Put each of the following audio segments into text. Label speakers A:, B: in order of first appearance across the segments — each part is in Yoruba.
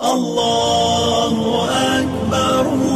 A: الله أكبر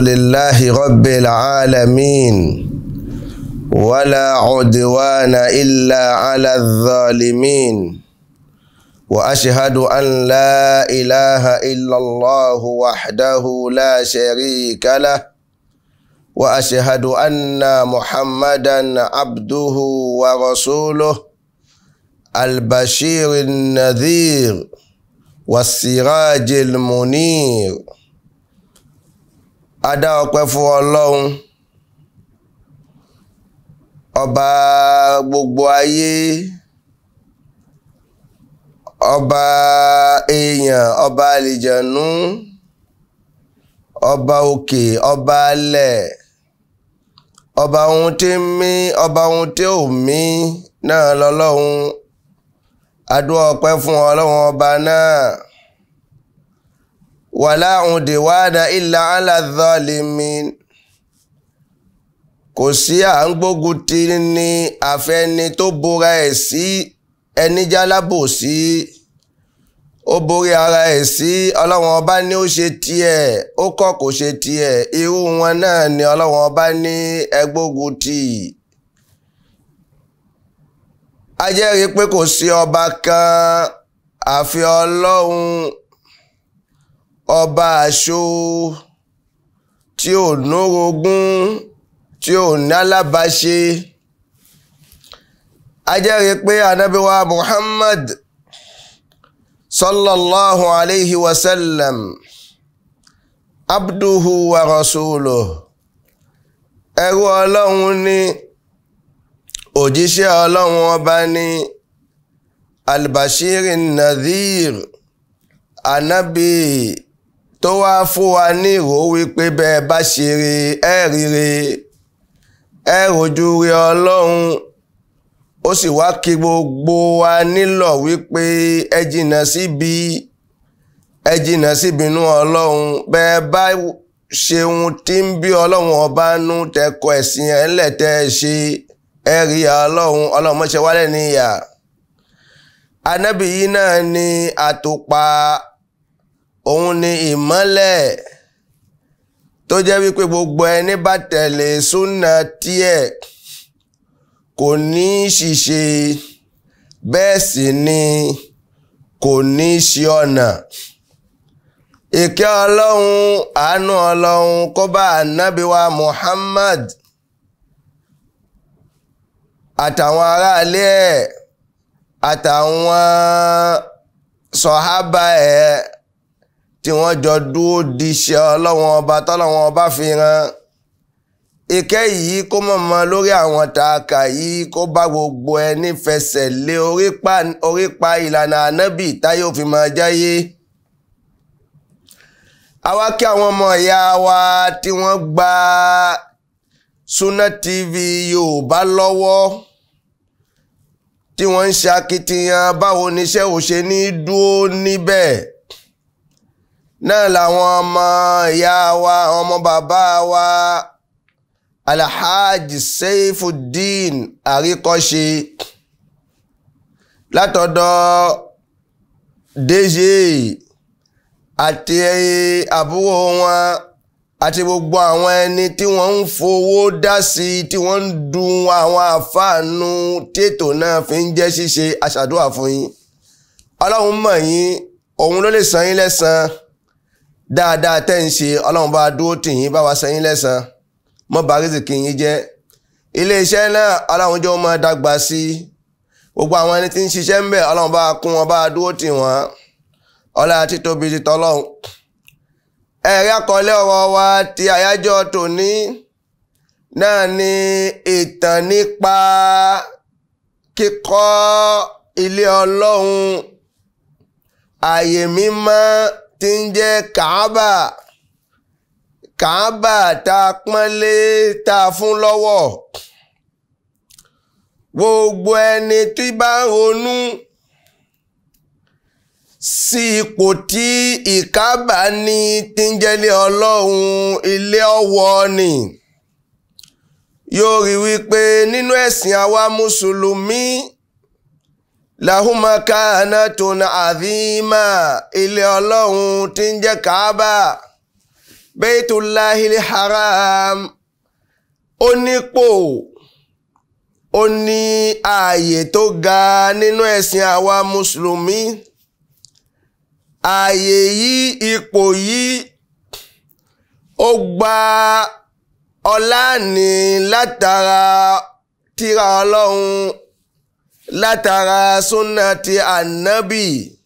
B: لله رب العالمين ولا عدوان إلا على الظالمين واشهد ان لا اله الا الله وحده لا شريك له واشهد ان محمدا عبده ورسوله البشير النذير والسراج المنير adá ọpẹ́ ọlọ́run ọba gbogbo ayé ọba èèyàn ọba àlìjẹ̀nú ọba òkè ọba alẹ̀ ọba ohun tí ń mí ọba ohun tí ò mí náà lọ́lọ́run adó ọpẹ́ fún ọlọ́run ọba náà. wàlá udwana illa ala zalimin kò sí à ń gbógun ti ní àfẹni tó bora ẹ̀ sí ẹni jálábò sí ó borí ara ẹ̀ sí ọlọ́run ọba ní ó ṣe tiẹ̀ ó kọ́ kò ṣe tiẹ̀ irú wọn náà ni ọlọ́run ọba ní ẹgbógun tì í pé kò sí ọba kan àfi ọlọ́run ọba àṣọ tí ò nórogún tí ò nálábàṣe ajẹ́rìí pé anábíwá Muhammad sallallahu alayhi wa sallam abduhu wa rasuluhu ẹrú ọlọ́run ni òjíṣẹ́ ọlọ́run ọba ni albashir nadhir anabi. tó wáá fún wa ní ìró wípé bẹ́ẹ̀ bá ṣe rí ẹ ríre ẹ rojú rí ọlọ́run ó sì wá kí gbogbo wa nílọ̀ wípé ẹ síbi ẹ síbi síbinú ọlọ́run bẹ́ẹ̀ bá ṣeun tí ń bí ọlọ́run ọba nú ẹ̀sìn ẹ̀ ńlẹ̀ tẹ́ ẹ ṣe ẹ rí ọlọ́run ọlọ́run ni àtòpà òun ni ìmọ́lẹ̀ tó jẹ́ wípé gbogbo ẹni bá tẹ̀lé súnà tiẹ̀ kò ní ṣìṣe bẹ́ẹ̀ sì ni kò ní ṣe ọ̀nà ìkẹ́ ọlọ́run àánú ọlọ́run kó bá Muhammad àtàwọn aráalé ẹ̀ àtàwọn sọ̀hábà ẹ̀. E tí wọ́n jọ dúró di iṣẹ́ ọlọ́wọ́n ọba tọ́lọ́wọ́n ọba fi hàn ìkẹ́ yìí kó mọ̀mọ́ lórí àwọn tààkà yìí kó bá gbogbo ẹni fẹsẹ̀ lé orí pa ìlànà ànábì táyé òfin máa jáyé àwa kí àwọn ọmọ ìyá wa tí wọ́n gba Sunna TV Yorùbá lọ́wọ́ tí wọ́n ń ṣe akitiyan báwo níṣẹ́ òṣè ní dúró níbẹ̀ náà làwọn ọmọ ìyá wa ọmọ bàbá wa alhaji seifuddin àríkọ́ṣe látọ̀dọ̀ deje àti àbúrò wọn àti gbogbo àwọn ẹni tí wọ́n ń fowó dá sí tí wọ́n ń dun àwọn àfáànù tí ètò náà fi ń jẹ́ ṣíṣe aṣàdúrà fún yín ọlọ́run mọ̀ yín òun ló lè san yín lẹ́sàn-án dáadáa tẹ́ ń ṣe ọlọ́run bá dúró tì yín bá wa sẹ́yìn lẹ́sàn mọ́ bá rìsìkì yín jẹ́ iléeṣẹ́ náà ọlọ́run jọ máa dàgbà sí gbogbo àwọn ẹni tí ń ṣiṣẹ́ ń bẹ̀ ọlọ́run bá kún wọn bá dúró tì wọ́n ti tọ́lọ́run ẹ̀rí ni ìtàn nípa kíkọ́ ilé ọlọ́run tí ń jẹ́ Kaaba Kaaba tá a pọ́nlé tá a fún lọ́wọ́ gbogbo ẹni tí bá ronú sí ipò tí ìkábà ní tí ọlọ́run ilé ọ̀wọ́ ni yóò rí wípé nínú ẹ̀sìn àwa mùsùlùmí lahuma kana tun azima ilé ọlọ́run tí ń jẹ́ kaaba beitullahil haram ó nípò ó ní ààyè tó ga nínú ẹ̀sìn àwa mùsùlùmí ààyè yìí ipò yìí ó gba ọlá ní látara tírà ọlọ́run látara sunnati anabi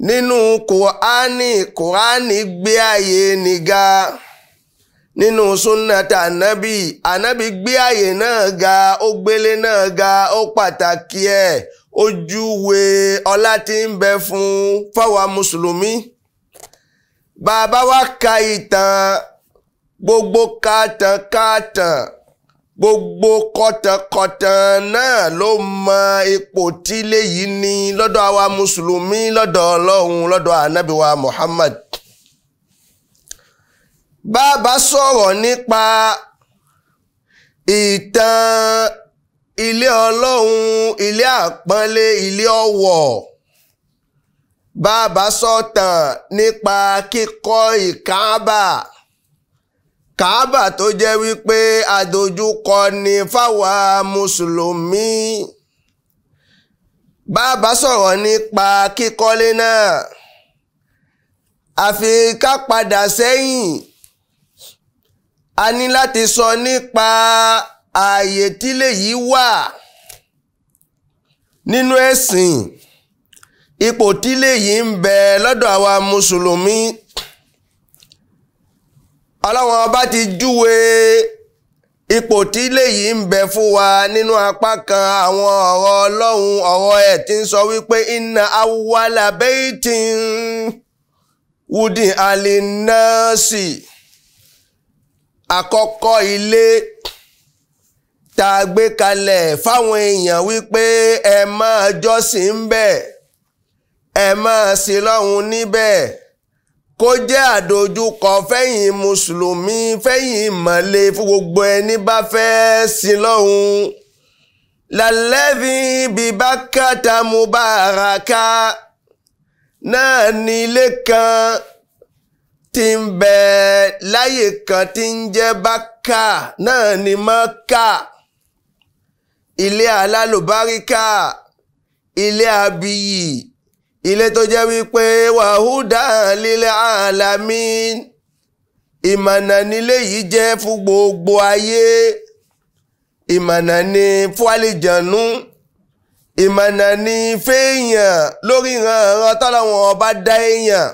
B: nínú kùránì kùránì gbé àyè nìga nínú sunnati anabi anabi gbé àyè náà ga ó gbélé náà ga ó pàtàkì ẹ̀ ojúwe ọlá tí ń bẹ fún fáwa mùsùlùmí bàbá wa ka ìtàn gbogbo kàtànkàtàn. gbogbo kọ̀tànkọ̀tàn náà ló mọ ipò tí léyìí ní lọ́dọ̀ àwa mùsùlùmí lọ́dọ̀ ọlọ́run lọ́dọ̀ ànábìwa Muhammad bá a bá sọ̀rọ̀ nípa ìtàn ilé ọlọ́run ilé àpọ́nlé ilé ọ̀wọ̀ bá a sọ̀tàn nípa kíkọ́ ìkáàbà kàábà tó jẹ́ wípé àdojúkọ ni fáwa mùsùlùmí bàbá sọ̀rọ̀ nípa kíkọ́lé náà àfi ká padà sẹ́yìn a ní láti sọ nípa ààyè tílé yìí wà nínú ẹ̀sìn ipò tílé yìí ń bẹ lọ́dọ̀ àwa mùsùlùmí ọlọ́run ọba ti júwe ipò tí léyìí ń bẹ fún wa nínú apá kan àwọn ọ̀rọ̀ ọlọ́run ọ̀rọ̀ ẹ̀ ń sọ wípé inna awwala baytin wudi alinasi àkọ́kọ́ ilé tá a gbé kalẹ̀ fáwọn èèyàn wípé ẹ máa jọ́sìn ń bẹ̀ ẹ máa sìn lọ́hùn níbẹ̀. kó jẹ́ àdójúkọ fẹ́yìn mùsùlùmí fẹ́yìn ìmọ̀le fún gbogbo ẹni bá fẹ́ sí lọ́hùn lálẹ́bí bíbákàtà mubaraka náà ní ilé kan tí ń bẹ láyè kan tí ń jẹ́ bákà náà ní mọ́kà ilé alálùbáríkà ilé abiyì ilé tó jẹ́ wípé wàhúdà lílẹ̀ àlàmí ìmọ̀nà nílé yìí jẹ́ fún gbogbo ayé ìmọ̀nà ni fún àlìjànú ìmọ̀nà ni fẹ́ẹ̀yàn lórí ìrànràn tọ́lọ́wọ́n ọba dá èèyàn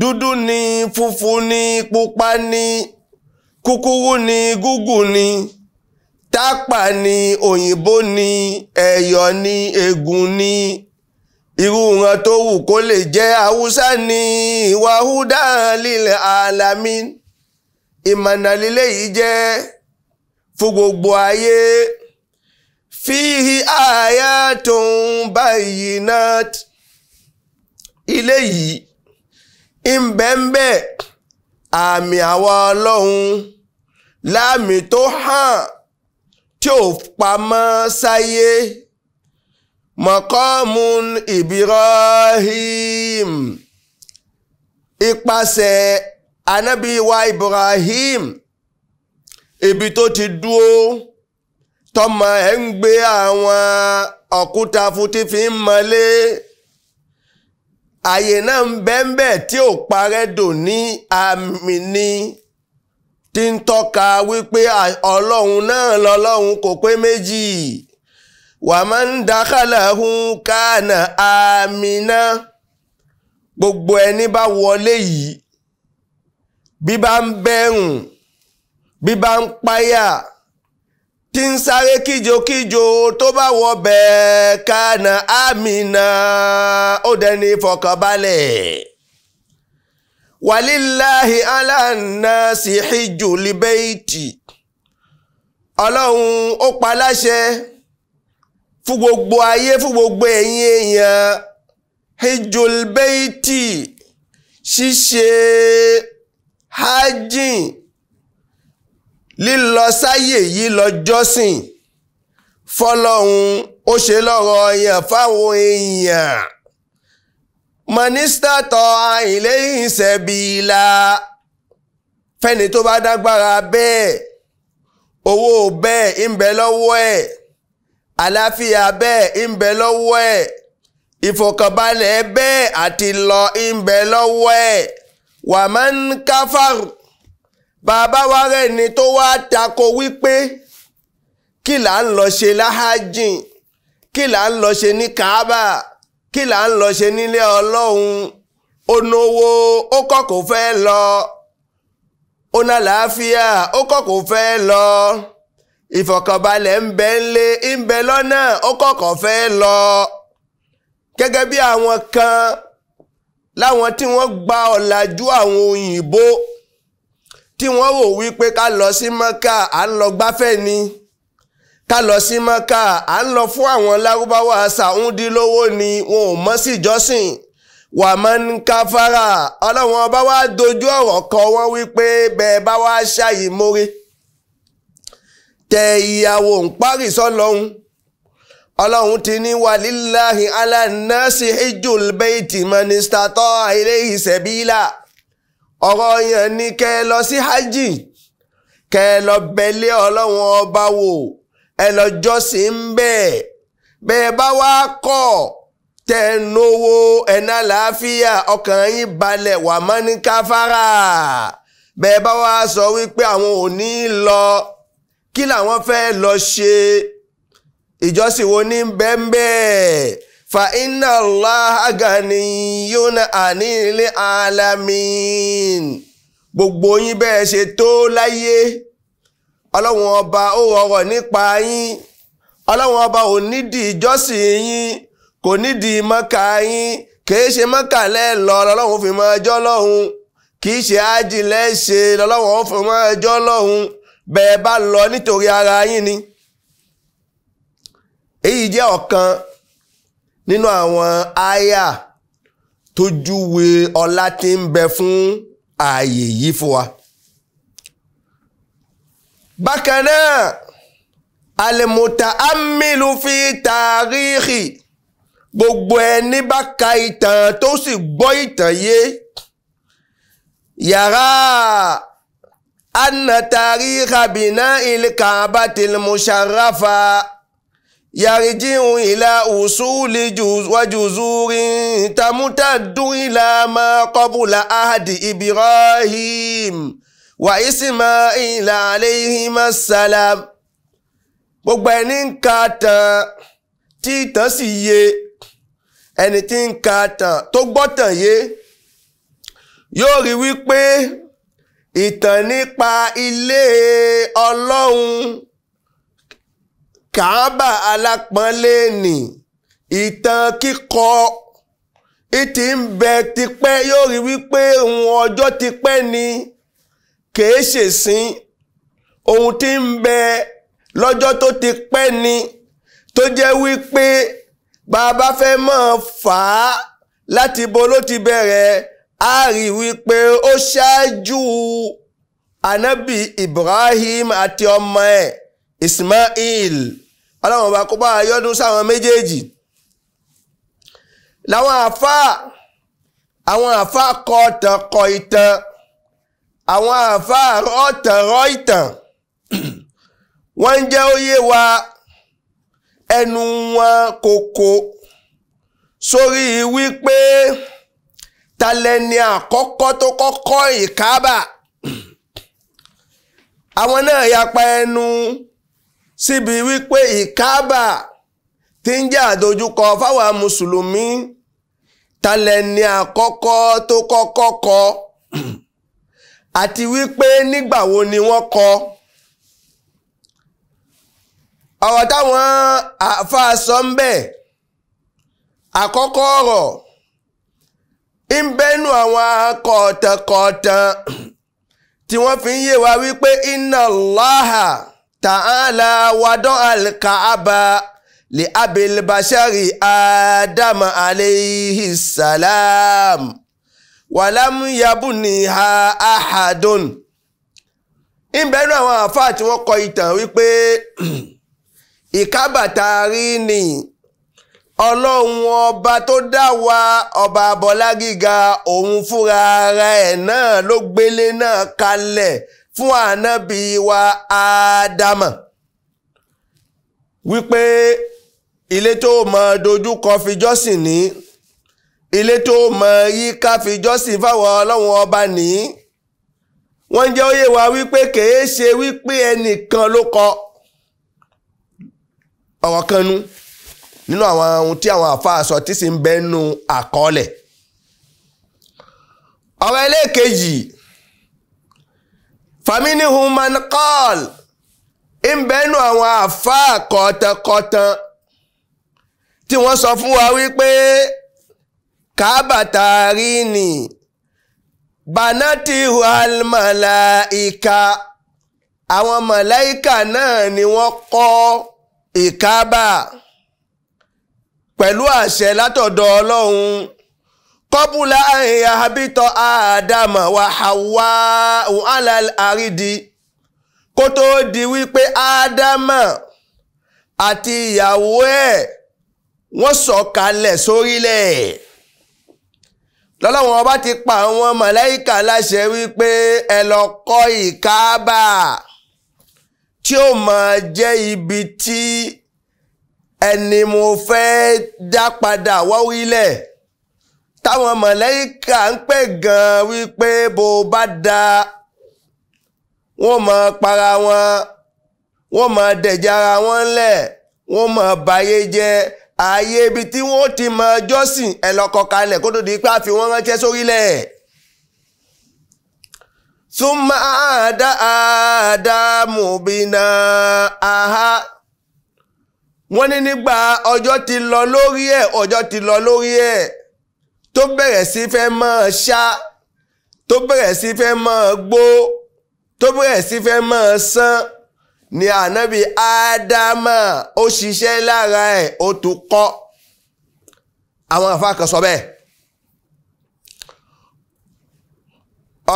B: dúdú ni funfun ni pupa ni kúkúrú ni gúgùn ni tápà ni òyìnbó ni ẹ̀yọ̀ ni ègùn ni irú wọn tó wù kó lè jẹ́ haúsá ní ìwàhúdà lílẹ̀ alami ìmọ̀nà lílé yìí jẹ́ fún gbogbo ayé fíhi àyà tó ń báyìí náà ilé yìí ń bẹ́ńbẹ́ àmì àwa ọlọ́run láàmì tó hàn tí ò pamọ́ sáyé mọ̀kọ́mùn ibrahim ipasẹ̀ wa ibrahim ibi tó ti dúó tọmọ ẹ̀ ń gbé àwọn òkúta fúti fi ń mọlé àyè náà ń bẹ́ńbẹ́ tí ò parẹ́ dò ní àmì ni tí ń tọ́ka wípé ọlọ́run náà lọ́lọ́run kò pé méjì wàmán dákàlàhù kánà àmìnà gbogbo ẹni bá wọlé yìí bí bá ń bẹ̀rùn bí bá ń páyà tí ń sáré kíjokíjo tó bá wọ bẹ́ẹ̀ kánà àmìnà ó dẹni fọkànbalẹ̀ wàlíláhi aláǹnàṣì hijù libeiti ọlọ́run ó pa fún gbogbo ayé fún gbogbo ẹ̀yin èèyàn hijulbeiti ṣíṣe hajjin lílọ sáyè yìí lọ jọ́sìn fọlọ́hún ó ṣe lọ́rọ̀ yàn fáwọn èèyàn mọ̀nísítà tọ́ àìlé ìṣẹ̀bìlà fẹ́ni tó bá dágbára bẹ́ẹ̀ owó bẹ́ẹ̀ ń bẹ lọ́wọ́ ẹ̀ àlàáfíà bẹ́ẹ̀ ń bẹ lọ́wọ́ ẹ̀ ìfọ̀kànbalẹ̀ bẹ́ẹ̀ àti lọ ń bẹ lọ́wọ́ ẹ̀ wà máa ń káfàr bàbá wa rẹ̀ ni tó wá tako wípé kí là ń lọ ṣe láhájìn kí là ń lọ ṣe ní Kaaba kí là ń lọ ṣe nílé Ọlọ́run onowó ó kọ́kọ́ fẹ́ lọ ó ná làáfíà fẹ́ lọ ìfọ̀kànbalẹ̀ ń bẹ ńlé ń bẹ lọ́nà ó kọ̀kọ̀ fẹ́ lọ gẹ́gẹ́ bí àwọn kan láwọn tí wọ́n gba ọ̀làjú àwọn òyìnbó tí wọ́n rò wípé ká lọ sí mọ́kà à ń lọ gbáfẹ́ ni ká lọ sí mọ́kà à ń lọ fún àwọn lárúbáwá sàúndí ni wọn ò mọ́ sí ìjọsìn wà máa ń káfárà ọlọ́run ọba wa dojú ọ̀rọ̀ kọ wọ́n wípé bẹ́ẹ̀ bá wá ṣàyè mórè tẹ ìyàwó ń parí sọ́lọ́hún ọlọ́run ti ní wàlíláhi alánàásì hijul beiti manistatọ́ ilayhi sabila ọ̀rọ̀ yẹn ni kẹ́ ẹ lọ sí hajj kẹ́ ẹ lọ bẹ̀lẹ́ ọlọ́run ọba wò ẹ lọ jọ́sìn ń bẹ́ẹ̀ bẹ́ẹ̀ bá wá kọ̀ tẹ́ ẹ náwó ẹ ọkàn yín balẹ̀ wà mọ́ ní káfárà bẹ́ẹ̀ bá wá sọ wípé àwọn ò ní lọ. kí làwọn fẹ́ lọ ṣe ìjọsìn wo ní bẹ́ẹ̀nbẹ́ẹ̀ fa inna Allaha ganiyyun 'anil 'alamin gbogbo yín bẹ́ẹ̀ ṣe tó láyé ọlọ́run ọba ó rọrọ̀ nípa yín ọlọ́run ọba ò nídìí ìjọsìn yín kò nídìí mọ́kà yín kìí ṣe mọ́kà lẹ́ẹ̀lọ lọ́lọ́run fi máa jọ́ lọ́hùn kìí ṣe ájì lẹ́ẹ̀ṣe lọ́lọ́run fi máa jọ́ lọ́hùn bẹ́ẹ̀ bá lọ nítorí ara yín ni èyí jẹ́ ọ̀kan nínú àwọn àyà tó júwe ọlá tí ń bẹ fún ààyè yìí fún wa. bákan náà alimuta amilu fi tàríhì gbogbo ẹni bá ka ìtàn tó sì gbọ́ ìtàn yé yàrá أن تاريخ بناء الكعبة المشرفة يرجع إلى أصول جز وجذور تمتد إلى ما قبل عهد إبراهيم وإسماعيل عليهما السلام gbogbo ẹni ń ka tán tí ìtàn sì ìtàn nípa ilé ọlọ́run kàábà alápọ̀nlé ni ìtàn kíkọ ìtì ń bẹ tipẹ́ yóò rí wípé ohun ọjọ́ tipẹ́ ni kèé ṣèsìn ohun tí ń bẹ lọ́jọ́ tó ti pẹ́ ni tó jẹ́ wípé bàbá fẹ́ mọ̀ fà á láti bo ló ti bẹ̀rẹ̀ a rí wípé ó ṣáájú anabi ibrahim àti ọmọ ẹ̀ ismail ọlọ́run ọba kó bá yọ́dún sáwọn méjèèjì làwọn àáfàá àwọn àáfàá kọ ọ̀tàn kọ ìtàn àwọn àáfàá ọ̀tàn rọ ìtàn wọ́n ń jẹ́ óyé wa ẹnu wọn kòkó sórí wípé. So talẹ́ni àkọ́kọ́ tó kọ́kọ́ ìkábà àwọn náà yapa ẹnu síbi wípé ìkábà ti ń jẹ́ àdójúkọ fáwọn mùsùlùmí talẹ́ni àkọ́kọ́ tó kọ́kọ́ kọ́ àti wípé nígbà wo ni wọ́n kọ́ ọ̀rọ̀ táwọn àáfàá sọ ń bẹ̀ àkọ́kọ́ ọ̀rọ̀ ń bẹ́nu àwọn kọ̀ọ̀tàn-kọ̀ọ̀tàn tí wọ́n fi ń yé wa wípé inna Allaha ta'ala wadọ́ al-Ka'aba li abil bashari adama alayhi salam walam yabuniha ahadun ń bẹ́nu àwọn àfáà tí wọ́n kọ ìtàn wípé ìkábàtà rí nìyí ọlọ́run ọba tó dá wa ọba abọ́lá gíga òun fúnra ara ẹ̀ náà ló gbélé náà kalẹ̀ fún ànábì wa ádámà wípé ilé tó mọ dojúkọ fijọ́sìn ní ilé tó mọ yíká fijọ́sìn fáwọn ọlọ́run ọba ní wọ́n jẹ́ òye wa wípé kèé ṣe wípé ẹnìkan ló kọ ọ̀rọ̀ kan nínú àwọn ohun tí àwọn àfa sọ tí sì ń bẹ nínú àkọọ́lẹ̀ ọ̀rọ̀ ẹlẹ́ẹ̀kejì faminihum man qal ń bẹ nínú àwọn àfa kọ̀tànkọ̀tàn tí wọ́n sọ fún wa wípé kábàtàrí ni banati almalaika àwọn màláìka náà ni wọ́n kọ́ ìkábà. E pẹ̀lú àṣẹ látọ̀dọ̀ ọlọ́run kọ́bùlà àyà abítọ̀ àdàmà wà hàwá alal àrídì kó tó di wípé ádámà àti ìyàwó ẹ̀ wọ́n sọ̀kalẹ̀ sórílẹ̀ lọ́lọ́wọ́n ọba ti pa àwọn màláíkà láṣẹ wípé ẹ lọ kọ́ ìkáábà tí ó máa jẹ́ ibi Tí ẹni mo fẹ́ dá padà wá wílẹ̀ táwọn mọ̀lẹ́kà ń pè gan wípé bó bá da wọ́n mọ̀ para wọn wọ́n mọ̀ dẹ̀jára wọn lẹ̀ wọ́n mọ̀ báyé jẹ́ ààyè ibi tí wọ́n ti mọ jọ́sìn ẹ̀lọ́kọ̀ kalẹ̀ kó tó di pé àfi wọ́n ránṣẹ́ sórílẹ̀. súnmọ́ àdá àdá mùbínà àhá wọ́n ní nígbà ọjọ́ ti lọ lórí ẹ̀ ọjọ́ ti lọ lórí ẹ̀ tó bẹ̀rẹ̀ sí fẹ́ máa ṣá tó bẹ̀rẹ̀ sí fẹ́ máa gbó tó bẹ̀rẹ̀ sí fẹ́ máa sán ni ànábì ádámà ó ṣiṣẹ́ lára ẹ̀ ó tún kọ́ àwọn àfa kan sọ bẹ́ẹ̀.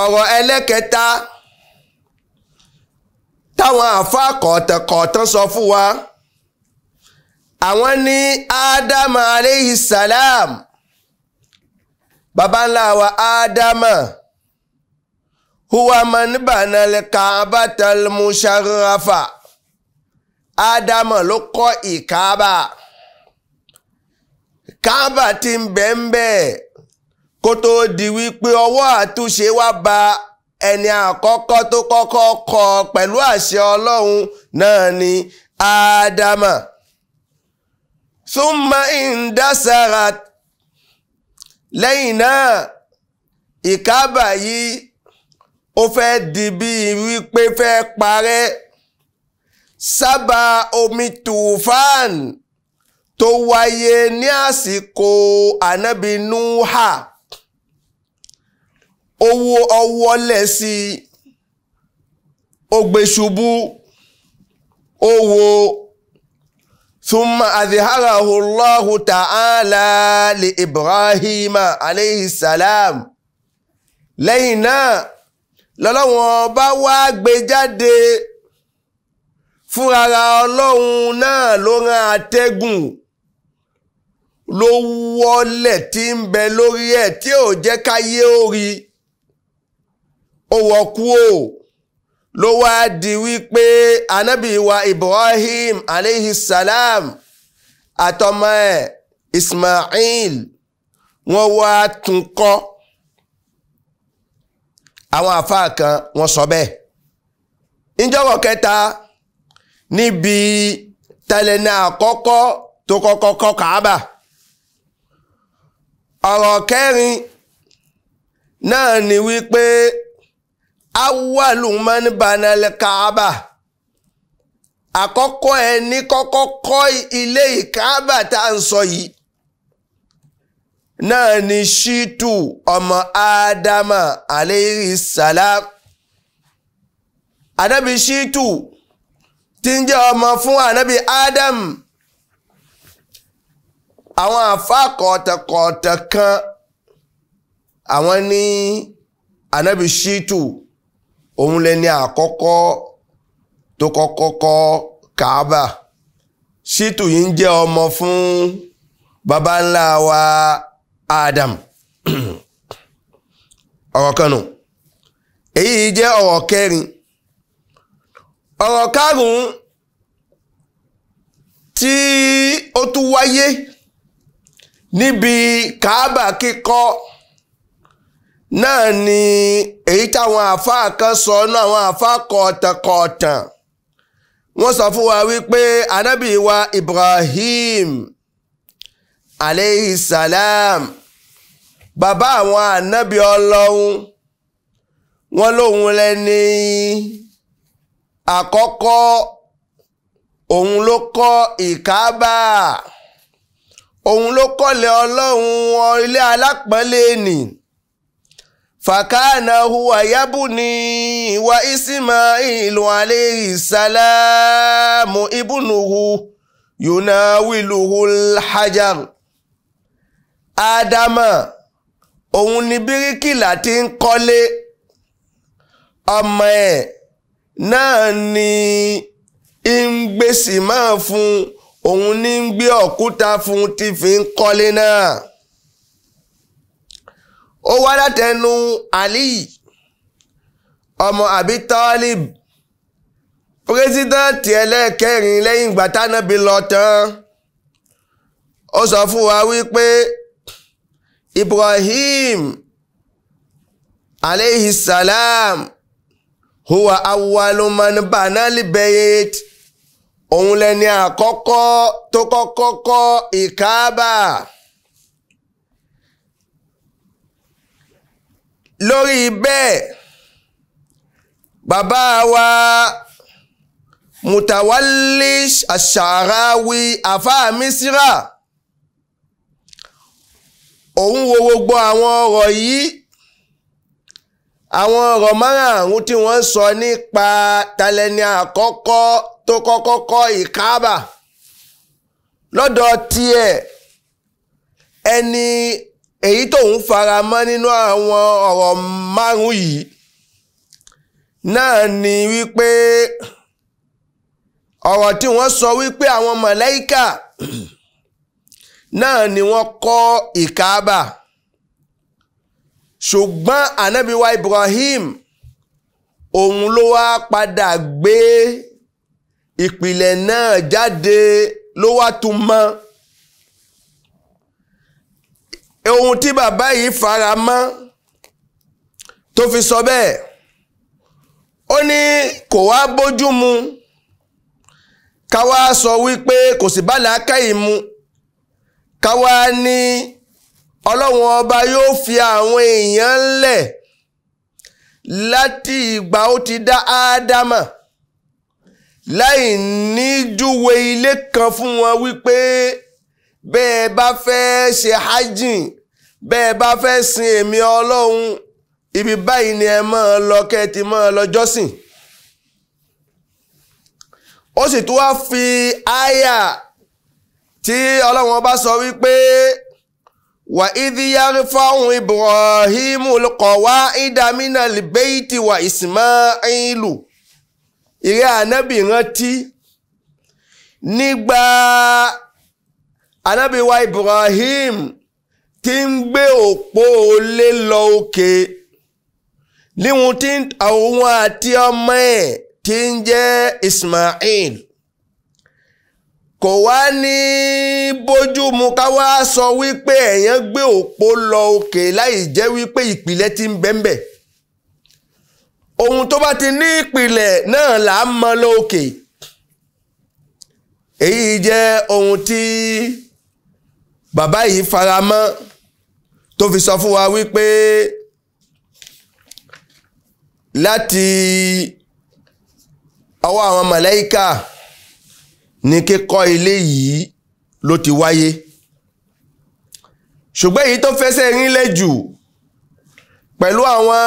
B: ọ̀rọ̀ ẹlẹ́kẹta táwọn àfa kọ̀ọ̀tàn kọ̀ọ̀tàn sọ fún wa àwọn ní ádámà aleyhi salam baba ńlá wa ádámà huwa manibana kaabatal musharafa ádámà ló kọ́ ìkaaba kaaba ti ń bẹ́ẹ̀ kó tó di wípé ọwọ́ àtúnṣe wá ba ẹni àkọ́kọ́ tó kọ́kọ́ kọ́ pẹ̀lú àṣẹ ọlọ́run náà ni ádámà thumma indasarat lẹ́yìn náà ìkábà yìí ó fẹ́ di bíi wípé fẹ́ parẹ́ sábà omi tùfán tó wáyé ní àsìkò ànábì Nuha owó ọwọ́ lẹ̀ sí i ó gbé ṣubú ثم أظهره الله تعالى لإبراهيم عليه السلام lẹ́yìn náà lọ́lọ́wọ́n bá wá gbé jáde fúnra ọlọ́run náà ló rán atẹ́gùn ló wọlẹ̀ tí ń bẹ lórí ẹ̀ tí ò jẹ́ káyé ó rí ó wọ kú o. ló wá di wípé anábì wa ibrahim aleyhi salam àtọmọ ẹ̀ ismail wọ́n wá tún kọ àwọn àfáà kan wọ́n sọ bẹ́ẹ̀ níjọ́wọ́ kẹta níbi tẹlẹ̀nà àkọ́kọ́ tó kọ́kọ́ kàábà ọ̀rọ̀ kẹrin náà ni wípé awalu man banal kaaba àkọ́kọ́ ẹni kọ́kọ́ kọ́ ilé ìkaaba tá à ń sọ yìí náà ni shitu ọmọ ádámà aleyhi salam anabi shitu tí ń jẹ́ ọmọ fún anabi adam àwọn àfa kọ̀ọ̀tẹ̀kọ̀ọ̀tẹ̀ kan àwọn ní anabi shitu òun lẹni àkọ́kọ́ tó kọ́kọ́ kọ́ kaaba ṣítù yìí ń jẹ́ ọmọ fún baba ńlá wa adam ọ̀rọ̀ kan nù èyí jẹ́ ọ̀rọ̀ kẹrin ọ̀rọ̀ karùn-ún tí ó tún wáyé níbi kaaba kíkọ́ náà ni èyí táwọn àáfàá kan sọ ọ́nà àwọn àáfàá kọ̀ọ̀tàn-kọ̀ọ̀tàn wọ́n sọ fún wa wípé anábì wa Ibrahim aleyhi salam bàbá àwọn anábì ọlọ́run wọ́n lóun lẹ́ni àkọ́kọ́ òun ló kọ́ ìkábà òun ló kọ́lé ọlọ́run ilé alápọ̀nlé nìí فكان هو يبني وإسماعيل عليه السلام ابنه يناوله الحجر ádámà òun ni bíríkìlà tí ń kọ́lé ọmọ ẹ̀ náà ni ń gbèsè máa fún òun ní gbé òkúta fún ti fi ń kọ́lé náà ó wá látẹnu Ali ọmọ Abi Talib pírẹsidẹ́ǹtì ẹlẹ́ẹ̀kẹrin lẹ́yìn ìgbà tánábì lọ tán ó sọ fún wa wípé Ibrahim aleyhi salam huwa awwaluman banali bayt òun lẹni àkọ́kọ́ tó kọ́kọ́ kọ́ ìkáàbà. lórí bẹ́ẹ̀ bàbá wa mutawalli aṣàráwi àfáà mísírà òun wo gbogbo àwọn ọ̀rọ̀ yìí àwọn ọ̀rọ̀ márààrún tí wọ́n sọ nípa talẹ́ni àkọ́kọ́ tó kọ́kọ́ kọ́ ìkáàbà lọ́dọ̀ tiẹ̀ ẹni èyí tóun fara mọ́ nínú àwọn ọ̀rọ̀ márùn-ún yìí náà ni wípé ọ̀rọ̀ tí wọ́n sọ wípé àwọn mọ̀lẹ́íkà náà ni wọ́n kọ́ ìkaaba ṣùgbọ́n ànábìwá Ibrahim òun ló wá padà gbé ìpìlẹ̀ náà jáde ló wá tún mọ́ ohun tí bàbá yìí fara mọ́ tó fi sọ bẹ́ẹ̀ ó ní kò wá bójú mu ká wá sọ wípé kò sì bá làákàyè mu ká wá ní ọlọ́run ọba yóò fi àwọn èèyàn lẹ̀ láti ìgbà ó ti dá ádámà láì ní júwe ilé kan fún wọn wípé bẹ́ẹ̀ bá fẹ́ ṣe hajjin bẹ́ẹ̀ bá fẹ́ sin èmi ọlọ́run ibi báyìí ni ẹ máa lọ kẹ́ ẹ ti máa lọ jọ́sìn ó sì tún wá fi àyà tí ọlọ́run ọba sọ wípé wà ìdíyàrí fáwọn Ibrahim olùkọ́wá ìdámínà lìbẹ́ìtì wà Ismailu ìrẹ́ ànábì rántí nígbà ànábì wa Ibrahim tí ń gbé òpó olé lọ òkè níwọ̀n tí àwọn àti ọmọ ẹ̀ tí ń jẹ́ Ismail kò wá ní bójúmu ká wá sọ wípé ẹ̀yàn gbé òpó lọ òkè láì jẹ́ wípé ìpìlẹ̀ ti ń bẹ́ńbẹ̀ ohun tó bá ti ní ìpìlẹ̀ náà là á mọ lókè èyí jẹ́ ohun tí. Tí bàbá yìí faramọ́ tó fi sọ fún wa wípé láti ọwọ́ àwọn màláíkà ní kíkọ́ ilé yìí ló ti wáyé ṣùgbọ́n èyí tó fẹsẹ̀ rinlẹ̀ jù pẹ̀lú àwọn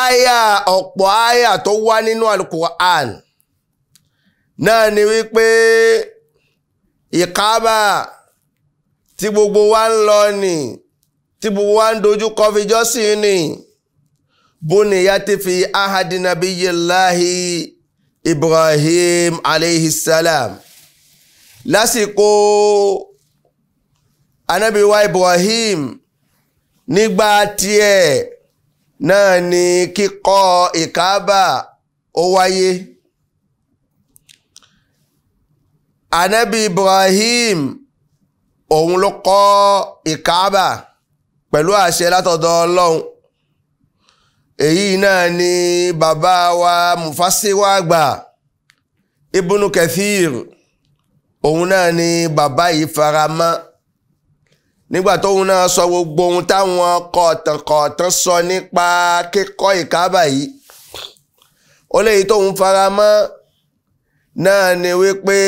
B: àyà ọ̀pọ̀ àyà tó wá nínú alukur'an náà ni wípé ìkábà tí gbogbo wa ń lọ ni, tí gbogbo wa ń dojú kọ fi jọ́sìn nì buniyati fi ahadi nabiyillahi ibrahim alayhi salam lásìkò anabiwa ibrahim nígbà tiẹ̀ náà ni kíkọ́ ìkábà ó wáyé. anabi ibrahim òun ló kọ́ ìkaábà pẹ̀lú àṣẹ látọ̀dọ̀ ọlọ́run èyí náà ni bàbá wa mufasiwa àgbà ibùnú kẹfíìr òun náà ni bàbá yìí faramọ́ nígbà tóun náà sọ gbogbo ohun táwọn kọ̀ọ̀tàn-kọ̀ọ̀tàn sọ nípa kíkọ́ ìkaábà yìí ó léyìí tóun faramọ́ náà ni wípé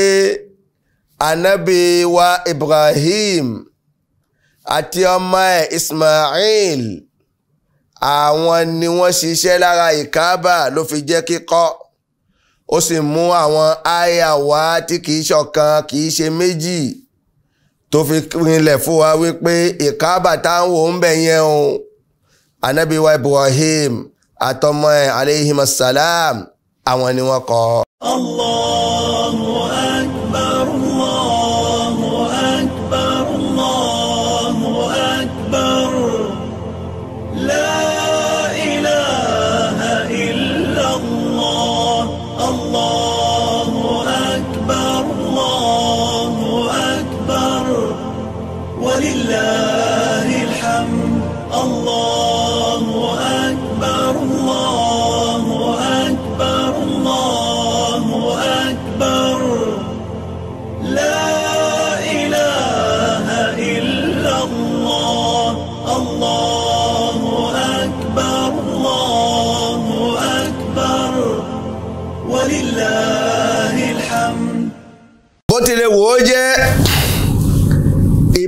B: anabi wa ibrahim àti ọmọ ẹ̀ ismail àwọn ni wọ́n ṣiṣẹ́ lára ìkábà ló fi jẹ́ kíkọ́ ó sì mú àwọn àyà wá tí kìí ṣọ̀kan kìí ṣe méjì tó fi rinlẹ̀ fún wa wípé ìkábà táwọn wò ń bẹ̀ yẹn o anabi wa ibrahim àtọmọ ẹ̀ aleyhimasalam àwọn ni wọ́n kọ́. Allah.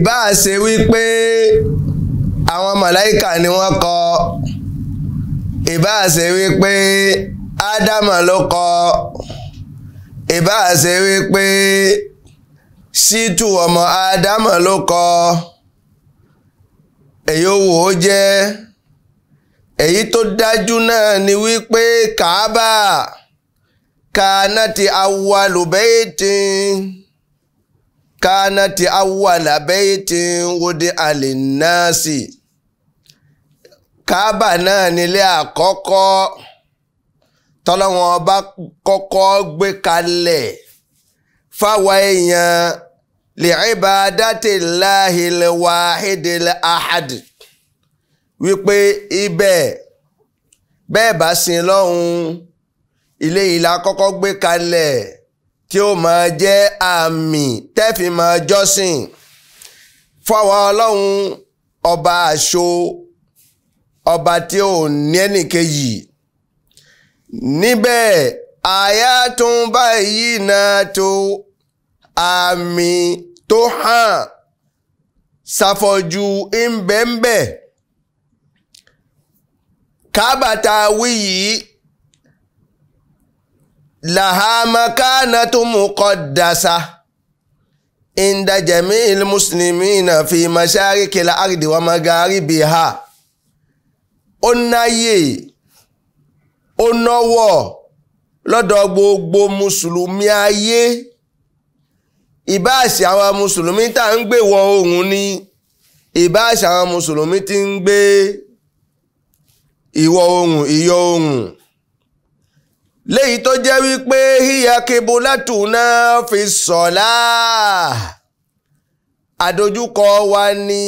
B: bá a ṣe wípé àwọn màláìkà ni wọ́n kọ ìbá a ṣe wípé ádámà ló kọ ìbá a ṣe wípé ṣítù ọmọ ádámà ló kọ èyí ò ó jẹ́ èyí tó dájú náà ni wípé kàábà kàánà ti awalùbẹ́ẹ̀tì. كانت أول بيت وضع للناس Káàbà náà nílé àkọ́kọ́ tọ́lọ́wọ́n ọba kọ́kọ́ gbé kalẹ̀ fáwọn èèyàn dati wípé ibẹ̀ bẹ́ẹ̀ bá sin lọ́hùn ilé yìí la gbé tí ó ma jẹ́ àmì tẹ́fì máa jọ́sìn fọwọ́ ọlọ́run ọba àṣọ ọba tí ò ní ẹnìkejì níbẹ̀ àyà tún báyìí náà tó àmì tó hàn ṣàfọ̀jù ńbẹ́ńbẹ́ kábàtà wí na tumu muqaddasa inda jami'il muslimina fi kila ardi wa magari ó náyè ó nọ́wọ́ lọ́dọ̀ gbogbo mùsùlùmí aye ìbáàṣì àwọn mùsùlùmí ta ń gbé wọ̀ oòrùn ni ìbáàṣì àwọn mùsùlùmí tí ń gbé ìwọ̀ oòrùn ìyọ oòrùn léyìí tó jẹ́ wípé híya kebo látùnà fi sọ̀lá àdójúkọ wa ni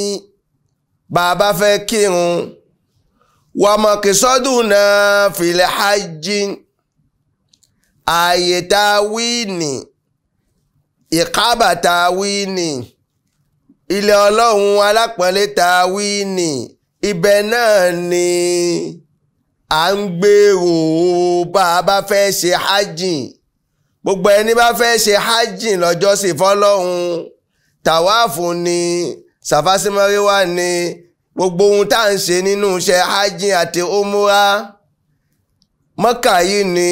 B: bàbá fẹ́ kírun wàmọ̀kìsọ́dùnà fìlẹ̀ hajj ààyè tá a ìkábà tá a wí ọlọ́run alápọ̀nlé tá a ibẹ̀ náà ni à ń gbèrò bá a bá fẹ́ ṣe hajjìn gbogbo ẹni bá fẹ́ ṣe hajjìn lọ́jọ́ sí fọ́lọ́hun tàwáàfù ni sàfásímọ́ríwá ni gbogbo ohun tá à ń ṣe nínú iṣẹ́ hajjìn àti omura mọ́kà yìí ni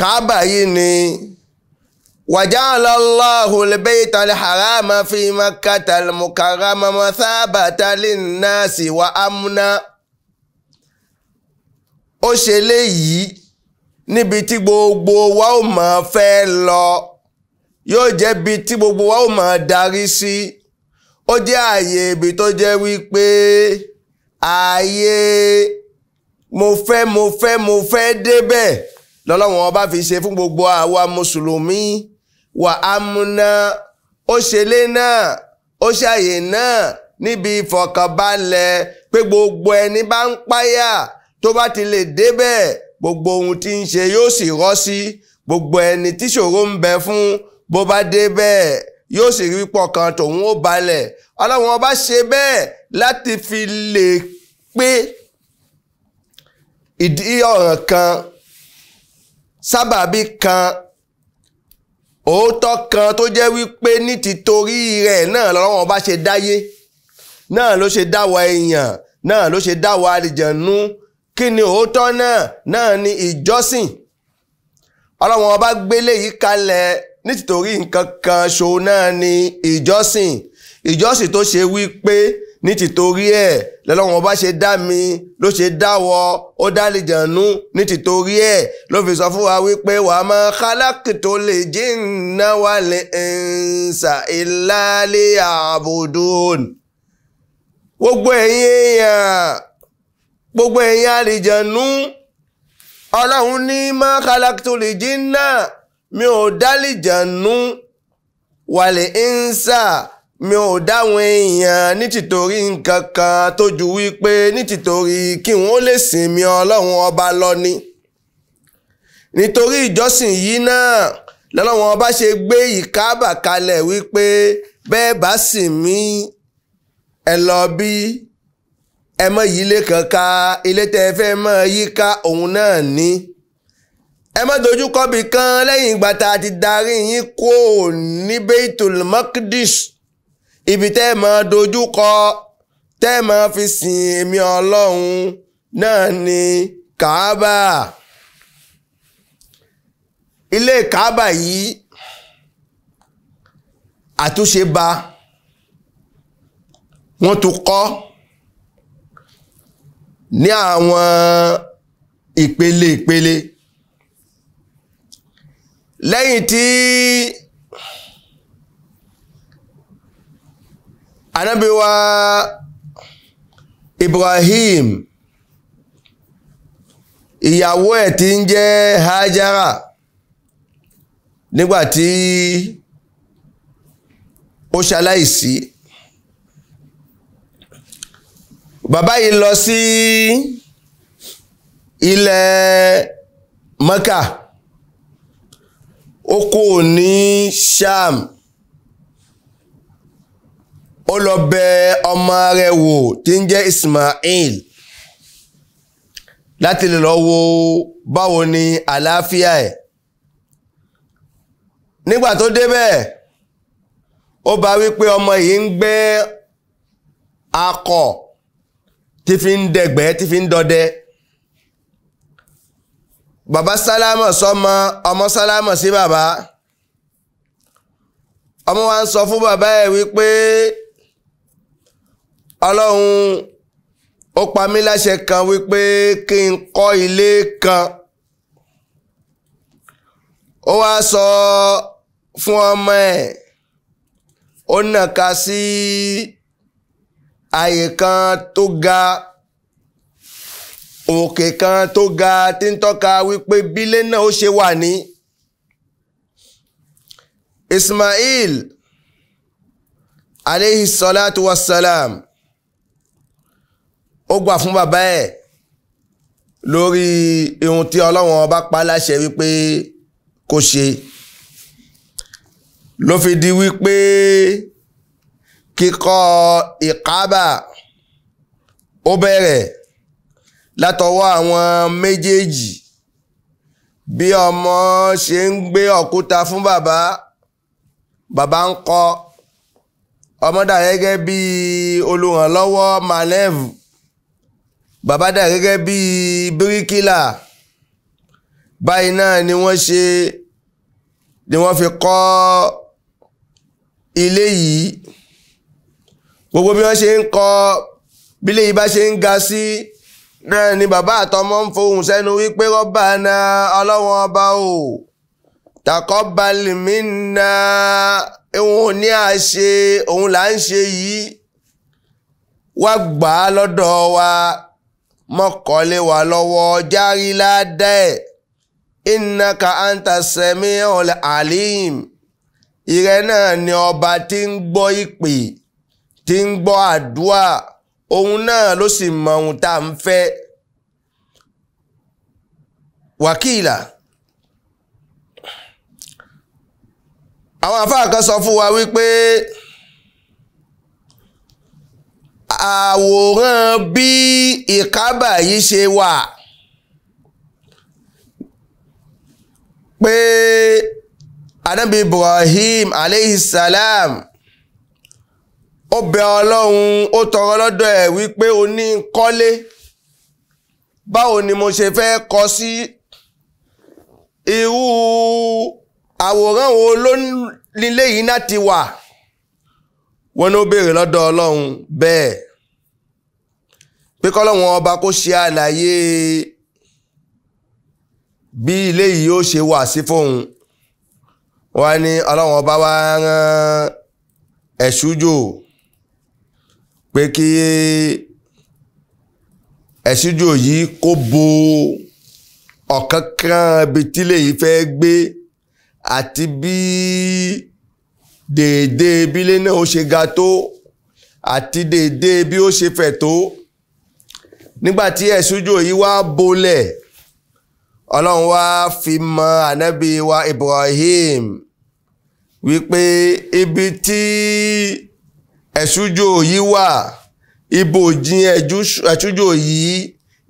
B: kaaba yìí ni wàjáàlá Allahu al-bayta al-harama fi makkata al-mukarrama mathabatan lin wa amna. ó ṣe léyìí níbi tí gbogbo wa ó mọ̀ fẹ́ lọ yóò jẹ́ ibi tí gbogbo wa ó mọ̀ darí sí ó jẹ́ ààyè ibi tó jẹ́ wípé ààyè mo fẹ́ mo fẹ́ mo fẹ́ débẹ̀ lọ́lọ́wọ́n ọba fi ṣe fún gbogbo àwa mùsùlùmí wà á múná ó ṣẹlẹ̀ náà ó ṣàyè náà níbi ìfọ̀kànbalẹ̀ pé gbogbo ẹni bá ń páyà tó bá ti lè débẹ̀ gbogbo ohun tí ń ṣe yóò sì rọ́ sí gbogbo ẹni tíṣòro ń bẹ fún bó bá débẹ̀ yóò sì rí pọkàn tòun ó balẹ̀ ọlọ́run ọba ṣe bẹ́ẹ̀ láti fi lè pé ìdí ọ̀ràn kan sábàbí kan òótọ́ kan tó jẹ́ wípé ní tìtorí rẹ̀ náà lọ́wọ́ ọba ṣe dáyé náà ló ṣe dáwọ́ èèyàn náà ló ṣe dáwọ́ àlìjẹ̀nú kí ni òótọ́ náà náà ni ìjọsìn ọlọ́wọ́n ọba gbélé yìí kalẹ̀ nítorí nǹkan kan ṣo náà ni ìjọsìn ìjọsìn tó ṣe wí pé ní tìtorí ẹ̀ lọ́lọ́wọ́n ọba ṣe dá mi ló ṣe dáwọ́ ó dálìjànú ní tìtorí ẹ̀ ló fi sọ fún wa wípé wàá ma khalaqtul jinna wal insa illa liya'budun gbogbo ẹ̀yin èèyàn gbogbo ẹ̀yin àlìjànú ọlọ́run ní ma khalaqtul náà mi ò dálìjànú wal insa mi ò dáwọn èèyàn nítìtorí nǹkan kan tó ju wípé ní tìtorí kí wọ́n lè sinmi ọlọ́run ọba lọ ni nítorí ìjọsìn yìí náà lọ́lọ́run ọba ṣe gbé wípé bẹ́ẹ̀ bá mí ẹ ẹ mọ yìí ilé kan ká ilé tẹ ẹ fẹ́ mọ yí ká òun náà ní ẹ má dojú kọ́bi kan lẹ́yìn ìgbà tá a ti darí yín kó ní Baitul Maqdis ibi tẹ́ ẹ mọ dojú kọ tẹ́ ẹ mọ fi sìn èmi ọlọ́run náà ní Kaaba ilé Kaaba yìí àtúnṣe ba wọ́n tún kọ́ ní àwọn ìpele ìpele lẹ́yìn tí Ànábì Ibrahim ìyàwó ẹ̀ tí ń jẹ́ Hajara nígbàtí ó ṣaláìsí bàbá yìí lọ sí ilẹ̀ Mẹ́kà ó kò ní Sham ó lọ bẹ ọmọ rẹ̀ wò tí ń jẹ́ Ismail láti lè lọ wo báwo ni àlàáfíà ẹ̀ nígbà tó débẹ̀ ó bá wípé ọmọ yìí ń gbé akọ tí fi ń dẹgbẹ́ tí fi ń dọdẹ bàbá sálámọ̀ sọmọ ọmọ sálámọ̀ sí bàbá ọmọ wa ń sọ fún bàbá ẹ̀ wípé ọlọ́run ó pa mí láṣẹ kan wípé kí n kọ́ ilé kan ó wá sọ fún ọmọ ẹ̀ ó nàka sí. Si àyè kan tó ga òkè kan tó ga tí ń tọ́ka wípé bílé náà ó ṣe wà ní Ismail aleyhi salatu wassalam ó gbà fún bàbá ẹ̀ lórí ihun tí ọlọ́wọ́n ọba pa láṣẹ wípé kó ṣe ló fi di wípé kíkọ́ ìkábà ó bẹ̀rẹ̀ látọwọ́ àwọn méjèèjì bí ọmọ ṣe ń gbé òkúta fún bàbá bàbá ń kọ ọmọ dà gẹ́gẹ́ bí olùrànlọ́wọ́ manevre bàbá dà gẹ́gẹ́ bí bíríkìlà báyìí náà ni wọ́n ṣe ni wọ́n fi kọ́ ilé yìí gbogbo bí wọ́n ṣe ń kọ bílé yìí bá ṣe ń ga sí náà ni bàbá àtọmọ ń fohùn sẹ́nu wípé rọ́bà na ọlọ́wọ́n ọba o taqabbal minna ìwọ̀n ò ní àṣe òun là ń ṣe yìí wá gbà á lọ́dọ̀ wa mọ́kànlé wa lọ́wọ́ járí ládẹ́ innaka anta sami'ul alim ìrẹ náà ni ọba tí ń gbọ́ ìpè tí ń gbọ́ àdúà òun náà ló sì mọ ohun tá à ń fẹ́ wákìlà àwọn àfáà kan sọ fún wa wípé àwòrán bí ìkábà yìí ṣe wà pé anábì Ibrahim aleyhisalaam ó bẹ ọlọ́run ó tọrọ lọ́dọ̀ ẹ̀ wípé o ní kọ́lé báwo ni mo ṣe fẹ́ kọ́ sí irú àwòrán wo ló nílé yìí náà ti wà wọ́n ní ó béèrè lọ́dọ̀ ọlọ́run bẹ́ẹ̀ pé kọ́lọ́run ọba kó ṣe àlàyé bí ilé yìí ó ṣe wà sí fóun wọ́n ní ọlọ́run ọba wá rán ẹ̀ṣújò pé kí ẹ̀sìnjò yìí kó bo ọ̀kan kan ibi tí lèyí fẹ́ gbé àti bí dèédé bílé náà ó ṣe ga tó àti dèédé bí ó ṣe fẹ̀ tó nígbà tí ẹ̀sìnjò yìí wá bolẹ̀ ọlọ́run wá fi mọ ànábì wa Ibrahim wípé ibi tí. E ẹ̀ṣújò yìí wà ibòjì ẹ̀ṣújò yìí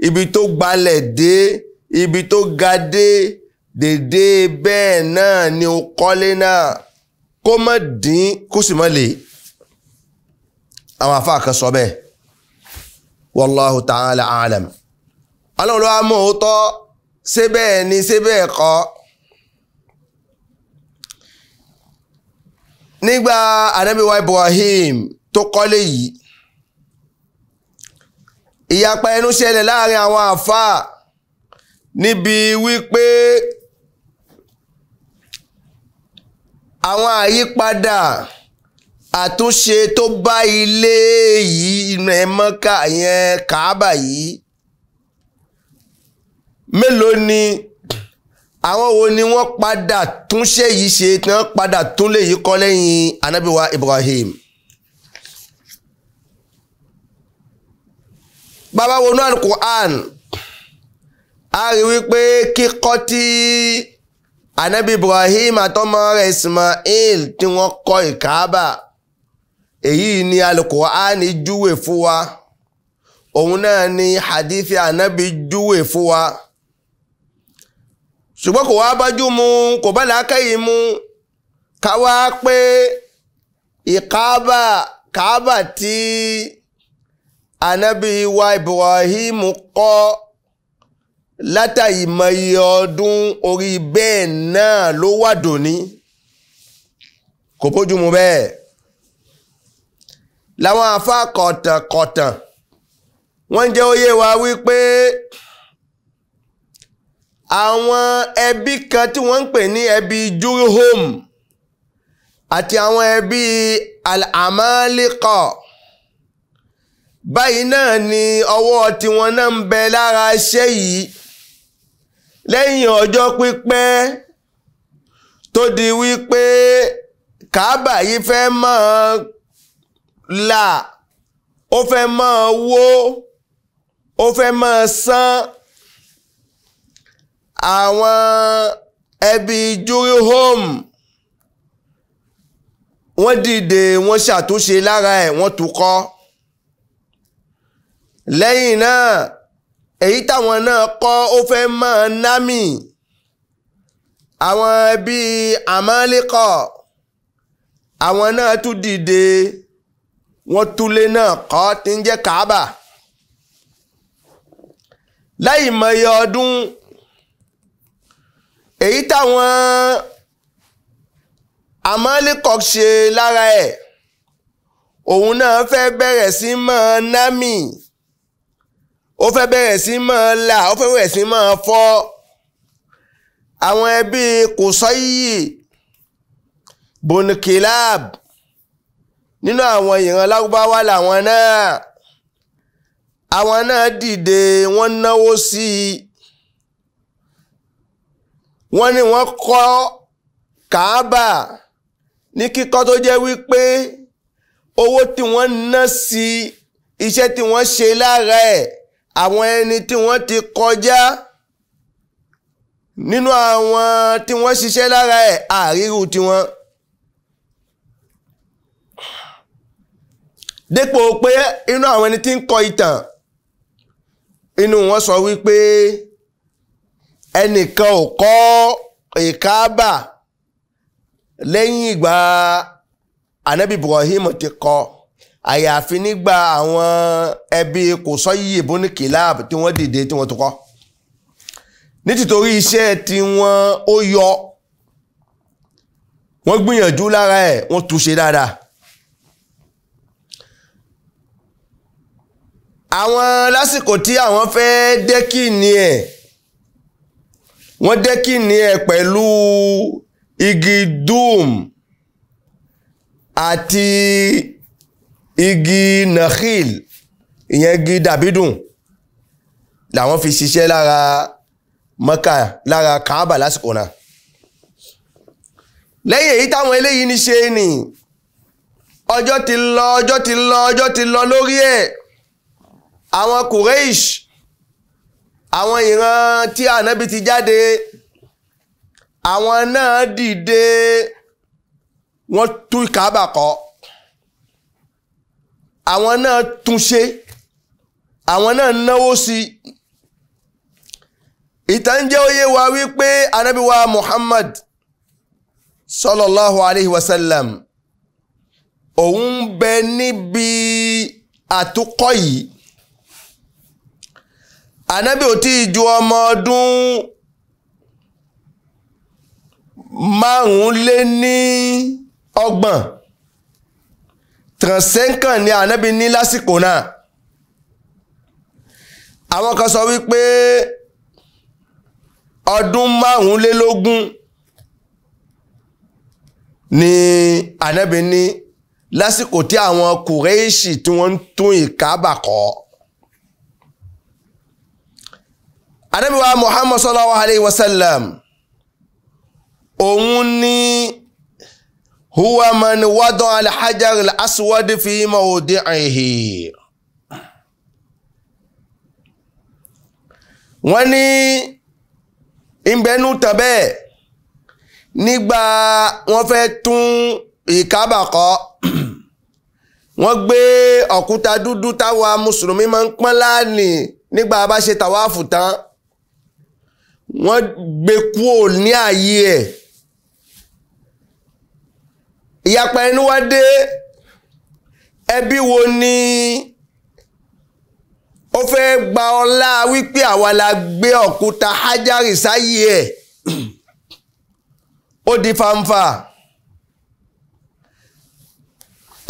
B: ibi tó gbalẹ̀ dé ibi tó ga dé dèdè bẹ́ẹ̀ náà ni ó kọ́lé náà kó má dín kó sì má lè àwọn àfáà kan sọ bẹ́ẹ̀ wallahu ta'ala alam aláwọ̀ ló wá mọ̀ ó tọ́ ni ṣé kọ́ nígbà anábíwá Ibrahim tó kọ́lé yìí ìyapa ẹnu ṣẹlẹ̀ láàrin àwọn àfáà níbi wípé àwọn àyípadà àtúnṣe tó bá ilé yìí inú ẹ yẹn kàábà yìí Mélòó ni àwọn wo ni wọ́n padà túnṣe yìí ṣe tí wọ́n padà tún lè yìí kọ́ lẹ́yìn anábìwá Ibrahim. bàbá wọnú alukur'an a rí wípé kíkọ́ tí anabi Ibrahim àtọmọ rẹ̀ Ismail tí wọ́n kọ́ ìkaaba èyí ni alukur'an júwe fún wa òun náà ni hadithi anabi júwe fún wa ṣùgbọ́n kò wá bájú mu kò bá làákàyè mu ká wá pé ìkaaba kaaba tí anabi wa Ibrahim kọ́ látàyè mọye ọdún orí bẹ́ẹ̀ náà ló wà dòní kò bójú mu bẹ́ẹ̀ làwọn afá kọ̀tànkọ̀tàn wọ́n jẹ́ ó wa wípé àwọn ẹbí kan tí wọ́n ń pè ní ẹbí jurhum àti àwọn ẹbí al-amalika báyìí náà ni ọwọ́ tiwọn náà ń bẹ lára iṣẹ́ yìí lẹ́yìn ọjọ́ pípẹ́ tó di wípé Kaaba yìí fẹ́ máa là ó fẹ́ máa wó ó fẹ́ máa sán àwọn ẹbí home. wọ́n dìde wọ́n ṣàtúnṣe lára ẹ̀ wọ́n tún kọ́ lẹ́yìn náà èyí táwọn náà kọ́ ó fẹ́ máa námì àwọn ẹbí àmọ́lẹ́kọ̀ àwọn náà tún dìde wọ́n túlé náà kọ́ tí ń jẹ́ Kaaba láì mọye ọdún èyí táwọn Amalekok ṣe lára ẹ̀ òun náà fẹ́ bẹ̀rẹ̀ sí mọ́ nami ó fẹ́ bẹ̀rẹ̀ sí mọ́ là ó fẹ́ bẹ̀rẹ̀ sí mọ́ fọ́ àwọn ẹbí Kùsọ́yì Bonkilab nínú àwọn ìran lárúbáwá làwọn náà àwọn náà dìde wọ́n náwó sí i wọ́n ní wọ́n kọ́ kàábà ní kíkọ́ tó jẹ́ wípé owó tí wọ́n ná sí iṣẹ́ tí wọ́n ṣe lára ẹ̀ àwọn ẹni tí wọ́n ti kọjá nínú àwọn tí wọ́n ṣiṣẹ́ lára ẹ̀ àríwú tiwọn. dépò pé inú àwọn ẹni tí ń kọ ìtàn inú wọn sọ wípé ẹnìkan ò kọ́ ìkáàbà lẹ́yìn ìgbà anabi ibrahim ti kọ́ àyàfi nígbà àwọn ẹbí kò sọ yíyẹ bóni kìláàbù tí wọ́n dìde tí wọ́n tó kọ́ nítìtorí iṣẹ́ tí wọ́n ó yọ wọ́n gbìyànjú lára ẹ̀ wọ́n tún dáadáa. àwọn lásìkò tí àwọn fẹ́ dẹ́kì ni ẹ̀ wọ́n dé kínní ẹ̀ pẹ̀lú igi dùm àti igi nakhil ìyẹn igi dàbídùn làwọn fi ṣiṣẹ́ lára mọ́kà lára kaaba lásìkò náà lẹ́yìn èyí táwọn eléyìí ní ṣe ni ọjọ́ ti lọ ọjọ́ ti lọ ọjọ́ ti lọ lórí ẹ̀ àwọn Quraysh àwọn ìran tí ànábì ti jáde àwọn náà dìde wọ́n tú ìkàbà kọ́ àwọn náà tún ṣe àwọn náà náwó sí ìtàn jẹ́ ó wa wípé ànábì wa Muhammad sallallahu alayhi wa sallam òun bẹ níbi àtúkọ́ yìí ànábì ò tí ì ju ọmọ ọdún márùn-ún lé ní ọgbọ̀n transẹ́ńkàn ni ànábì ní lásìkò náà àwọn kan sọ wípé ọdún márùn lé lógún ni ànábì ní lásìkò tí àwọn kùrẹ́ẹ̀ṣì tí wọ́n ń tún ìkábà anábìwá muhammad sallallahu alayhi wa sallam òun ni huwa man wadọ́ alhajar al-aswad fi mawdi'ihi wọ́n ní ìbẹ́nu tàbẹ́ nígbà wọ́n fẹ́ tún ìkábà kọ́ wọ́n gbé ọ̀kúta dúdú táwa mùsùlùmí máa ń pọ́n láàánì nígbà bá ṣe tàwáàfù tán wọ́n gbé kúò ní ààyè ẹ̀ ìyapa ẹni wá dé ẹbí wo ni ó fẹ́ gba ọlá wípé àwa la gbé òkúta hájárì sáyé ẹ̀ ó di fanfa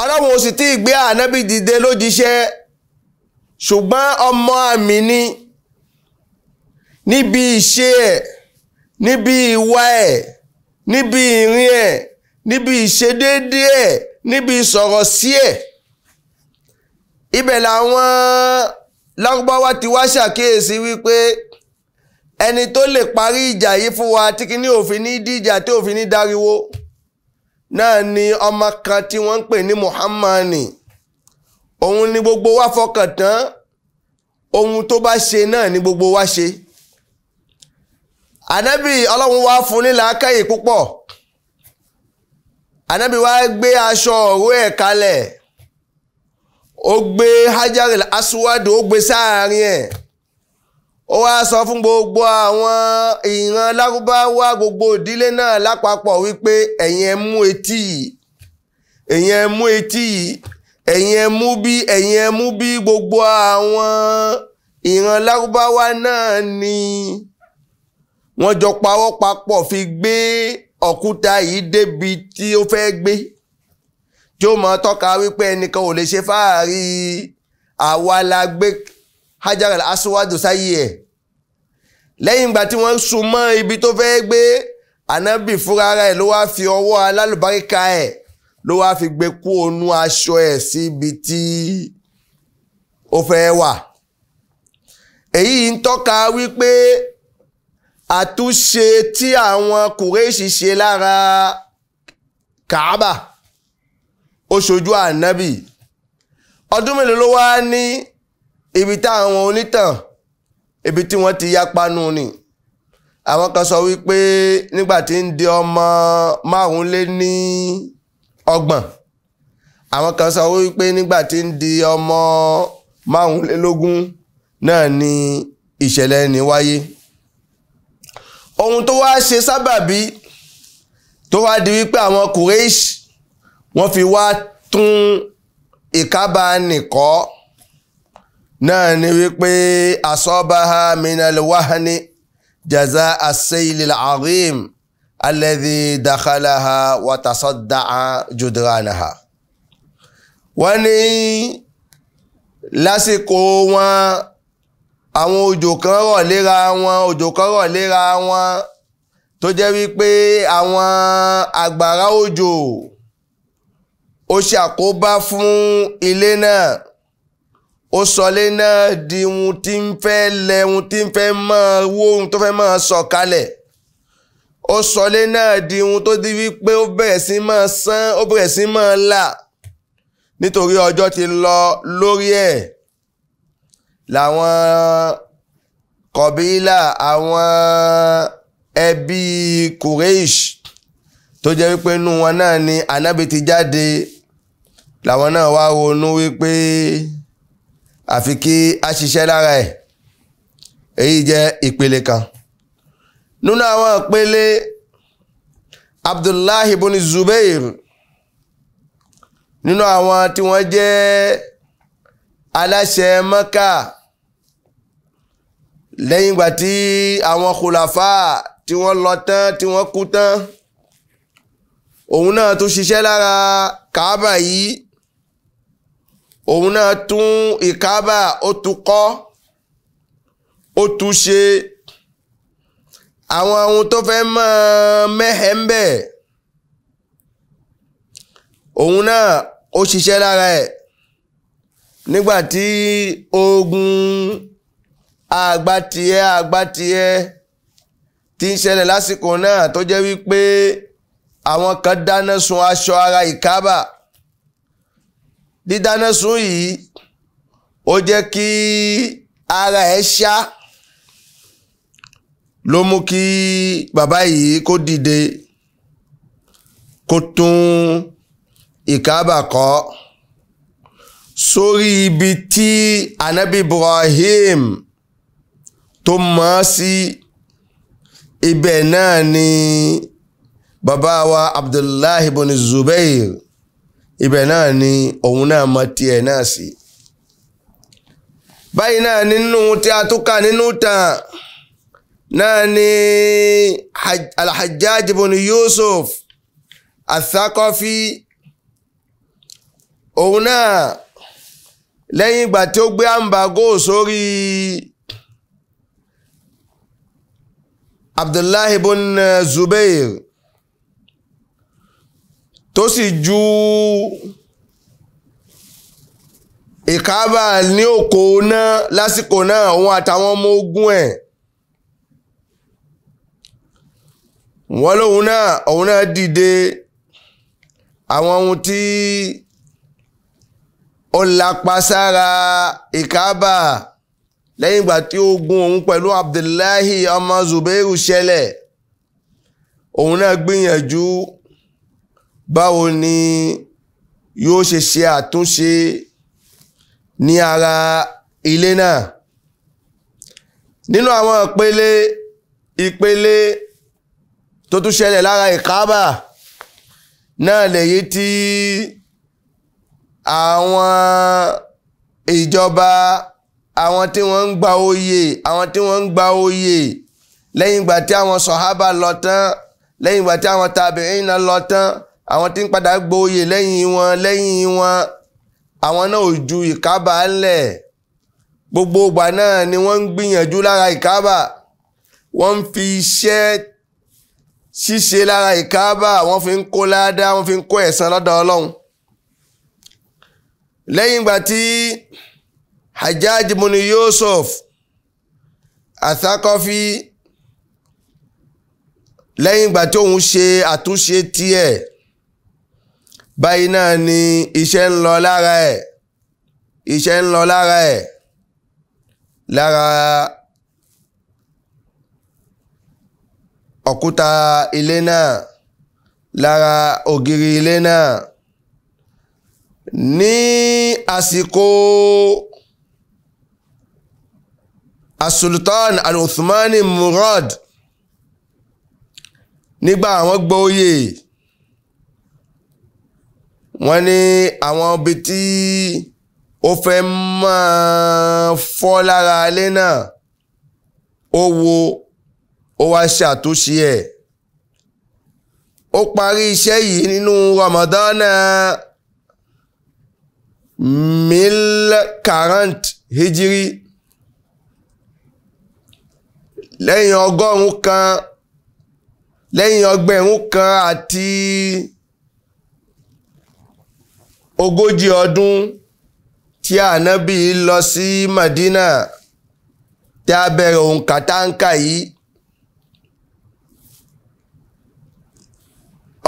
B: ọlọ́run ò sì tí ì gbé ànábì dìde lójíṣẹ́ ṣùgbọ́n ọmọ àmì ni níbi ìṣe ẹ̀ níbi ìwà ẹ̀ níbi ìrìn ẹ̀ níbi ìṣedéédé ẹ̀ níbi ìsọ̀rọ̀ sí ẹ̀ ibẹ̀ làwọn lárúbáwá ti wá ṣàkíyèsí wípé ẹni tó lè parí ìjà yìí fún wa tí kìíní òfin ní díjà tí òfin ní dáriwo náà ni ọmọ kan tí wọ́n ń pè ní Muhammadu òun ni gbogbo wa fọkàn tán ohun tó bá ṣe náà ni gbogbo wa ṣe. Anabi ọlọ́run wá fún ní làákàyè púpọ̀ ànábì wá gbé aṣọ òru ẹ̀ kalẹ̀ ó gbé hajar aswad ó gbé sáàárín ẹ̀ ó wá sọ fún gbogbo àwọn ìran lárúbáwá gbogbo ìdílé náà lápapọ̀ wípé ẹ̀yin ẹ mú etí yìí ẹ̀yin ẹ mú etí yìí ẹ̀yin ẹ mú bí ẹ̀yin ẹ mú bí gbogbo àwọn ìran lárúbáwá náà Ni wọ́n jọ pawọ́ papọ̀ fi gbé òkúta yìí débi tí ó fẹ́ gbé tí ó mọ̀ tọ́ka wípé ẹnìkan ò lè ṣe fáàrí àwa la gbé hajar al-aswadu sáyé ẹ̀ lẹ́yìn ìgbà tí wọ́n sún mọ́ ibi tó fẹ́ gbé ànábì fúnra ẹ̀ ló wá fi ọwọ́ alálùbáríkà ẹ̀ ló wá fi gbé kú onú aṣọ ẹ̀ síbi tí ó fẹ́ wà èyí ń tọ́ka wípé àtúnṣe tí àwọn kùrẹ́ṣì ṣe lára kàábà ó ṣojú ànábì ọdún mélòó ló wá ní ibi táwọn onítàn ibi tí wọ́n ti yapanu ni àwọn kan sọ wípé nígbà tí ń di ọmọ márùn lé ní ọgbọ̀n àwọn kan sọ wípé nígbà tí ń di ọmọ márùnlélógún náà ni ìṣẹ̀lẹ̀ ni wáyé ohun tó wá ṣe sábàbí tó wá di wípé àwọn Quraysh wọ́n fi wá tún ìkábà nìkọ́ náà ni wípé asọ́bàá minal jaza as-saylil azim alladhi dakhalaha wa wọ́n ní lásìkò wọn àwọn òjò kan rọ̀ léra wọn òjò kan rọ̀ léra wọn tó jẹ́ wípé àwọn àgbàrá òjò ó ṣe àkóbá fún ilé náà ó sọlé náà di ohun tí ń fẹ́ lẹ̀ ohun tí ń fẹ́ máa wó ohun tó fẹ́ máa sọ̀kalẹ̀ ó sọlé náà di ohun tó di wípé ó bẹ̀rẹ̀ sí máa sán ó bẹ̀rẹ̀ sí máa là nítorí ọjọ́ ti lọ lórí ẹ̀. E làwọn kọ̀bílà àwọn ẹbí Quraysh tó jẹ́ wípé inú wọn náà ni Ànábì ti jáde làwọn náà wá ronú wípé àfi kí a ṣiṣẹ́ lára ẹ̀ èyí jẹ́ ìpele kan nínú àwọn ìpele Abdullahi ibn Zubair nínú àwọn tí wọ́n jẹ́ aláṣẹ Mẹ́kà lẹ́yìn ìgbà tí àwọn kòlàfà tí wọ́n lọ tán tí wọ́n kú tán òun náà tún ṣiṣẹ́ lára kàábà yìí òun náà tún ìkàábà ó tún kọ́ ó tún ṣe àwọn ohun tó fẹ́ mọ́ mẹ́hẹ̀ òun náà ó ṣiṣẹ́ lára ẹ̀ nígbà tí ogun àgbàtìẹ àgbàtìẹ tí ń ṣẹlẹ̀ lásìkò náà tó jẹ́ wípé àwọn kan dáná sun aṣọ ara ìkábà dídáná sun yìí ó jẹ́ kí ara ẹ̀ ṣá ló mú kí bàbá yìí kó dìde kó tún ìkábà kọ́ sórí ibi tí anabi Ibrahim tó mọ̀ ọ́ sí ibẹ̀ náà ni bàbá wa abdullahi ibn zubair ibẹ̀ náà ni òun náà mọ tiẹ̀ náà sí. báyìí náà nínú tí a tún kà nínú tàn náà ni alhajjaj ibn yusuf athaqafi òun náà lẹ́yìn ìgbà tí ó gbé àǹbá sórí. So abdullahi bin eh, zubair tó sì ju ìkábà ní òkò náà lásìkò náà òun àtàwọn ọmọ ogun ẹ̀ wọ́n lóun náà òun náà dìde àwọn ohun tí ó lápa sára ìkábà lẹ́yìn ìgbà tí ogun òun pẹ̀lú abdullahi ọmọ zubairu ṣẹlẹ̀ òun náà gbìyànjú báwo ni yóò ṣe ṣe àtúnṣe ní ara ilé náà nínú àwọn ìpele ìpele tó tún ṣẹlẹ̀ lára ìkábà náà lèyí tí àwọn ìjọba. E àwọn tí wọ́n ń gba oyè àwọn tí wọ́n ń gba oyè lẹ́yìn ìgbà tí àwọn sọ̀hábà lọ tán lẹ́yìn ìgbà tí àwọn tàbíìn náà lọ tán àwọn tí ń padà gba oyè lẹ́yìn wọn lẹ́yìn wọn àwọn náà ò ju ìkábà ńlẹ̀ gbogbo ìgbà náà ni wọ́n ń gbìyànjú lára ìkábà wọ́n ń fi iṣẹ́ ṣíṣe lára ìkábà wọ́n fi ń kó ládàá wọ́n fi ń kó ẹ̀san lọ́dọ̀ ọlọ́run lẹ́yìn ìgbà tí hajjaj muni yusuf athakọ́fí lẹ́yìn ìgbà tí òun ṣe àtúnṣe tiẹ̀ báyìí náà ni iṣẹ́ ń lọ lára ẹ̀ iṣẹ́ ń lọ lára ẹ̀ lára òkúta ilé náà lára ògiri ilé náà ní àsìkò asultan al-uthmani murad nígbà àwọn gbọ́ oyè wọ́n ní àwọn ibi tí ó fẹ́ máa fọ́ lára ilé náà ó wo ó wá ṣàtúnṣe ẹ̀ ó parí iṣẹ́ yìí nínú ramadana mil karant hijiri lẹ́yìn ọgọ́rùn-ún kan lẹ́yìn ọgbẹ̀rún kan àti ogójì ọdún tí ànábì lọ sí Madina tí a bẹ̀rẹ̀ òǹkà yìí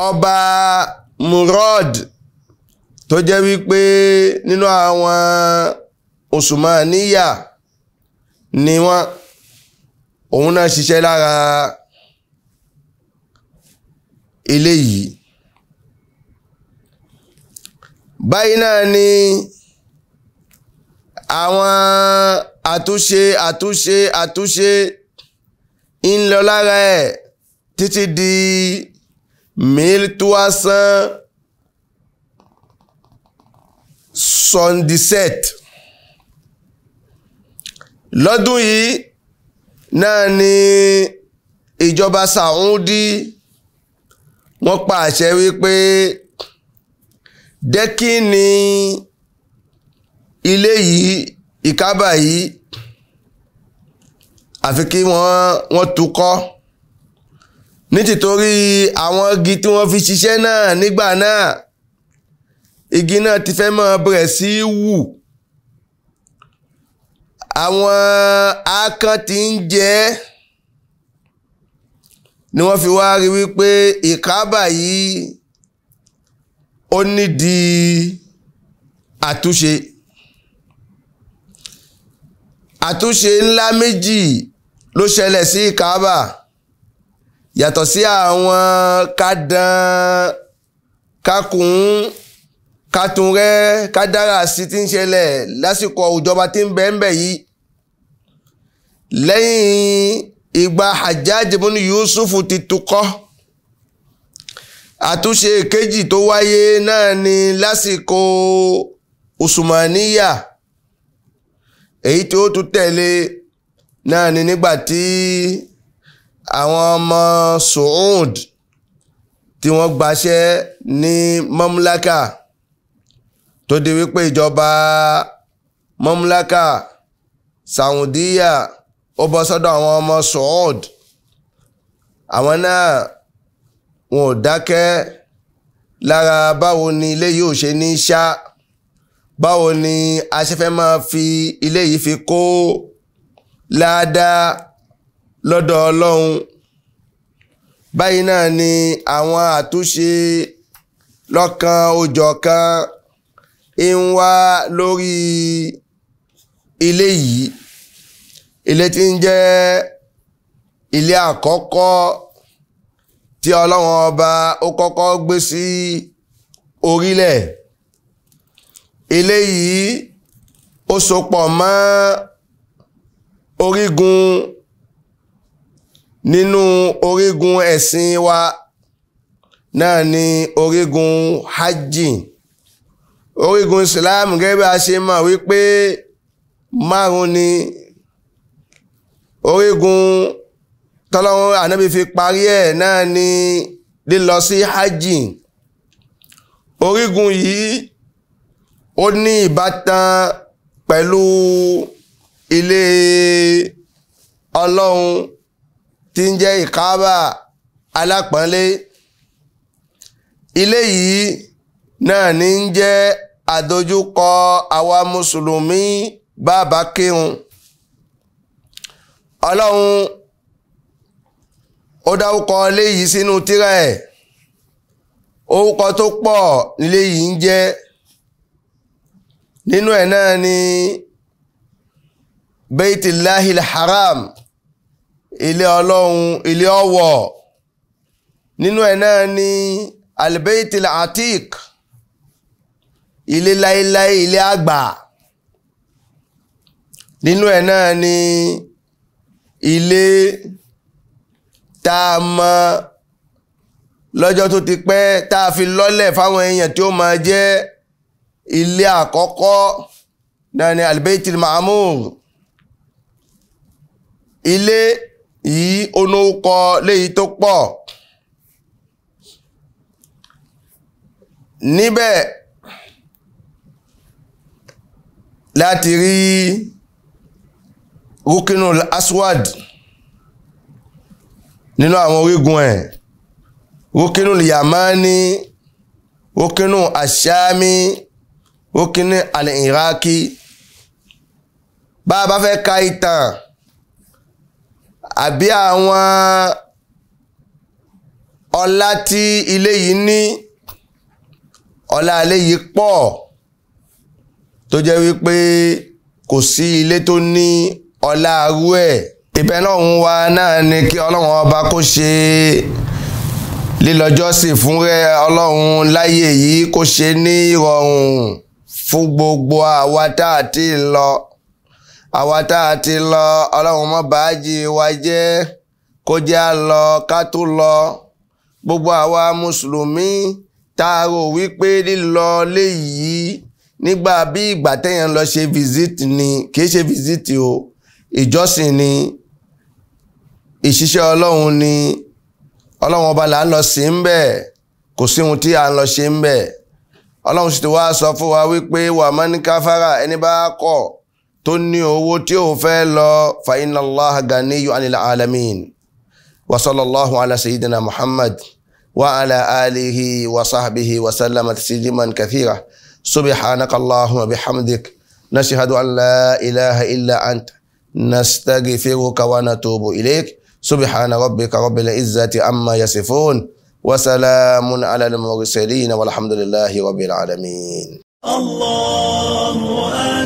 B: ọba Murad tó jẹ́ wípé nínú àwọn Usmaniya ni wọ́n. Wa òun náà ṣiṣẹ́ lára eléyìí báyìí náà ni àwọn àtúnṣe àtúnṣe àtúnṣe ń lọ lára ẹ̀ títí di mille trois cent soixante-dix-sept lọ́dún yìí náà ni ìjọba Saudi wọ́n pa àṣẹ wípé dẹ́kì ni ilé yìí ìkábà yìí àfi kí wọ́n wọ́n tukọ́ nítìtorí àwọn igi tí wọ́n fi ṣiṣẹ́ náà nígbà náà igi náà ti fẹ́ máa bẹ̀rẹ̀ sí í wù àwọn akán tí ń jẹ ẹ́ ni wọ́n fi wá rí wípé ìkábà yìí ó nídìí àtúnṣe àtúnṣe ńlá méjì ló ṣẹlẹ̀ sí ìkábà yàtọ̀ sí àwọn kádán kákùn kátùnrẹ́ kádára sí ti ń ṣẹlẹ̀ lásìkò ìjọba tí ń bẹ́ẹ̀ ń bẹ̀ yìí lẹ́yìn ìgbà Hajjaj ibn Yusuf ti tukọ́ àtúnṣe kejì tó wáyé náà ni lásìkò Usmaniya èyí tí ó tún tẹ̀lé náà ni nígbà tí àwọn ọmọ Suud tí wọ́n gbaṣẹ́ ní mamlaka tó di wípé ìjọba mamlaka Saudiya ó bọ́ sọ́dọ̀ àwọn ọmọ Saud àwọn náà wọn ò dákẹ́ lára báwo ni ilé yóò ṣe ní ṣá báwo ni a ṣe fẹ́ máa fi ilé yìí fi kó ládàá lọ́dọ̀ Ọlọ́run báyìí náà ni àwọn àtúnṣe lọ́kan òjọ̀kan ń wá lórí ilé yìí ilé tí ń jẹ́ ilé àkọ́kọ́ tí ọlọ́wọ́n ọba ó kọ́kọ́ gbé sí orílẹ̀ ilé yìí ó sopọ̀ mọ́ orígun nínú orígun ẹ̀sìn wa náà ni orígun hajj orígun Islam gẹ́gẹ́ bí a ṣe mọ̀ wípé márùn ni orígun tọ́lọ́run ànábì fi parí ẹ̀ náà ni lílọ sí hajj orígun yìí ó ní ìbátan pẹ̀lú ilé ọlọ́run tí ń jẹ́ ìkáàbà alápọ̀nlé ilé yìí náà ní ń jẹ́ àdojúkọ àwa mùsùlùmí bàbá kírun ọlọ́run ó dárúkọ léyìí sínú tírà ẹ̀ orúkọ tó pọ̀ nílé yìí ń jẹ́ nínú ẹ̀ náà ni beitilahil haram ilé ọlọ́run ilé ọ̀wọ̀ nínú ẹ̀ náà ni albeitil atik ilé láéláé ilé àgbà nínú ẹ̀ náà ni. Ilé ilé tá a mọ lọ́jọ́ tó ti pẹ́ tá a fi lọ́lẹ̀ fáwọn èèyàn tí ó máa jẹ́ ilé àkọ́kọ́ náà ni albaitil ma'amur ilé yìí onókọ léyìí tó pọ̀ níbẹ̀ láti rí rukinul aswad nínú àwọn orígun ẹ̀ rukinul yamani rukinul ashami rukinul al-iraki bá a bá fẹ́ ka ìtàn àbí àwọn ọlá tí ilé yìí ní ọlá ilé yìí pọ̀ tó jẹ́ wípé kò sí ilé tó ní ọ̀la arú ẹ̀ ìbẹ̀ náà ń wá náà ni kí ọlọ́run ọba kó ṣe lílọ́jọ́sìn fún rẹ ọlọ́run láyé yìí kó ṣe ní ìrọ̀rùn fún gbogbo àwa tá a ti lọ àwa tá a ti lọ ọlọ́run mọ́ bàájì wa jẹ́ kó jẹ́ a lọ ká tó lọ gbogbo àwa mùsùlùmí tá wípé lílọ léyìí nígbà bí ìgbà téèyàn lọ ṣe fìzìtì ni kì í ṣe fìzìtì o ìjọsìn ni ìṣiṣẹ́ ọlọ́run ni ọlọ́run ọba là ń lọ sí ń bẹ̀ kò sí ohun tí à ń lọ ṣe ń bẹ̀ ọlọ́run sì ti wá sọ fún wa wípé wà á máa ní káfárà ẹni bá kọ̀ tó ní owó tí ó fẹ́ lọ fa inna Allaha ganiyun alamin wa ala sayyidina Muhammad wa ala alihi wa sahbihi wa sallama tasliman kathira subhanaka Allahumma bihamdik nashhadu an la ilaha illa anta. نستغفرك ونتوب إليك سبحان ربك رب العزة عما يصفون وسلام على المرسلين والحمد لله رب العالمين الله أكبر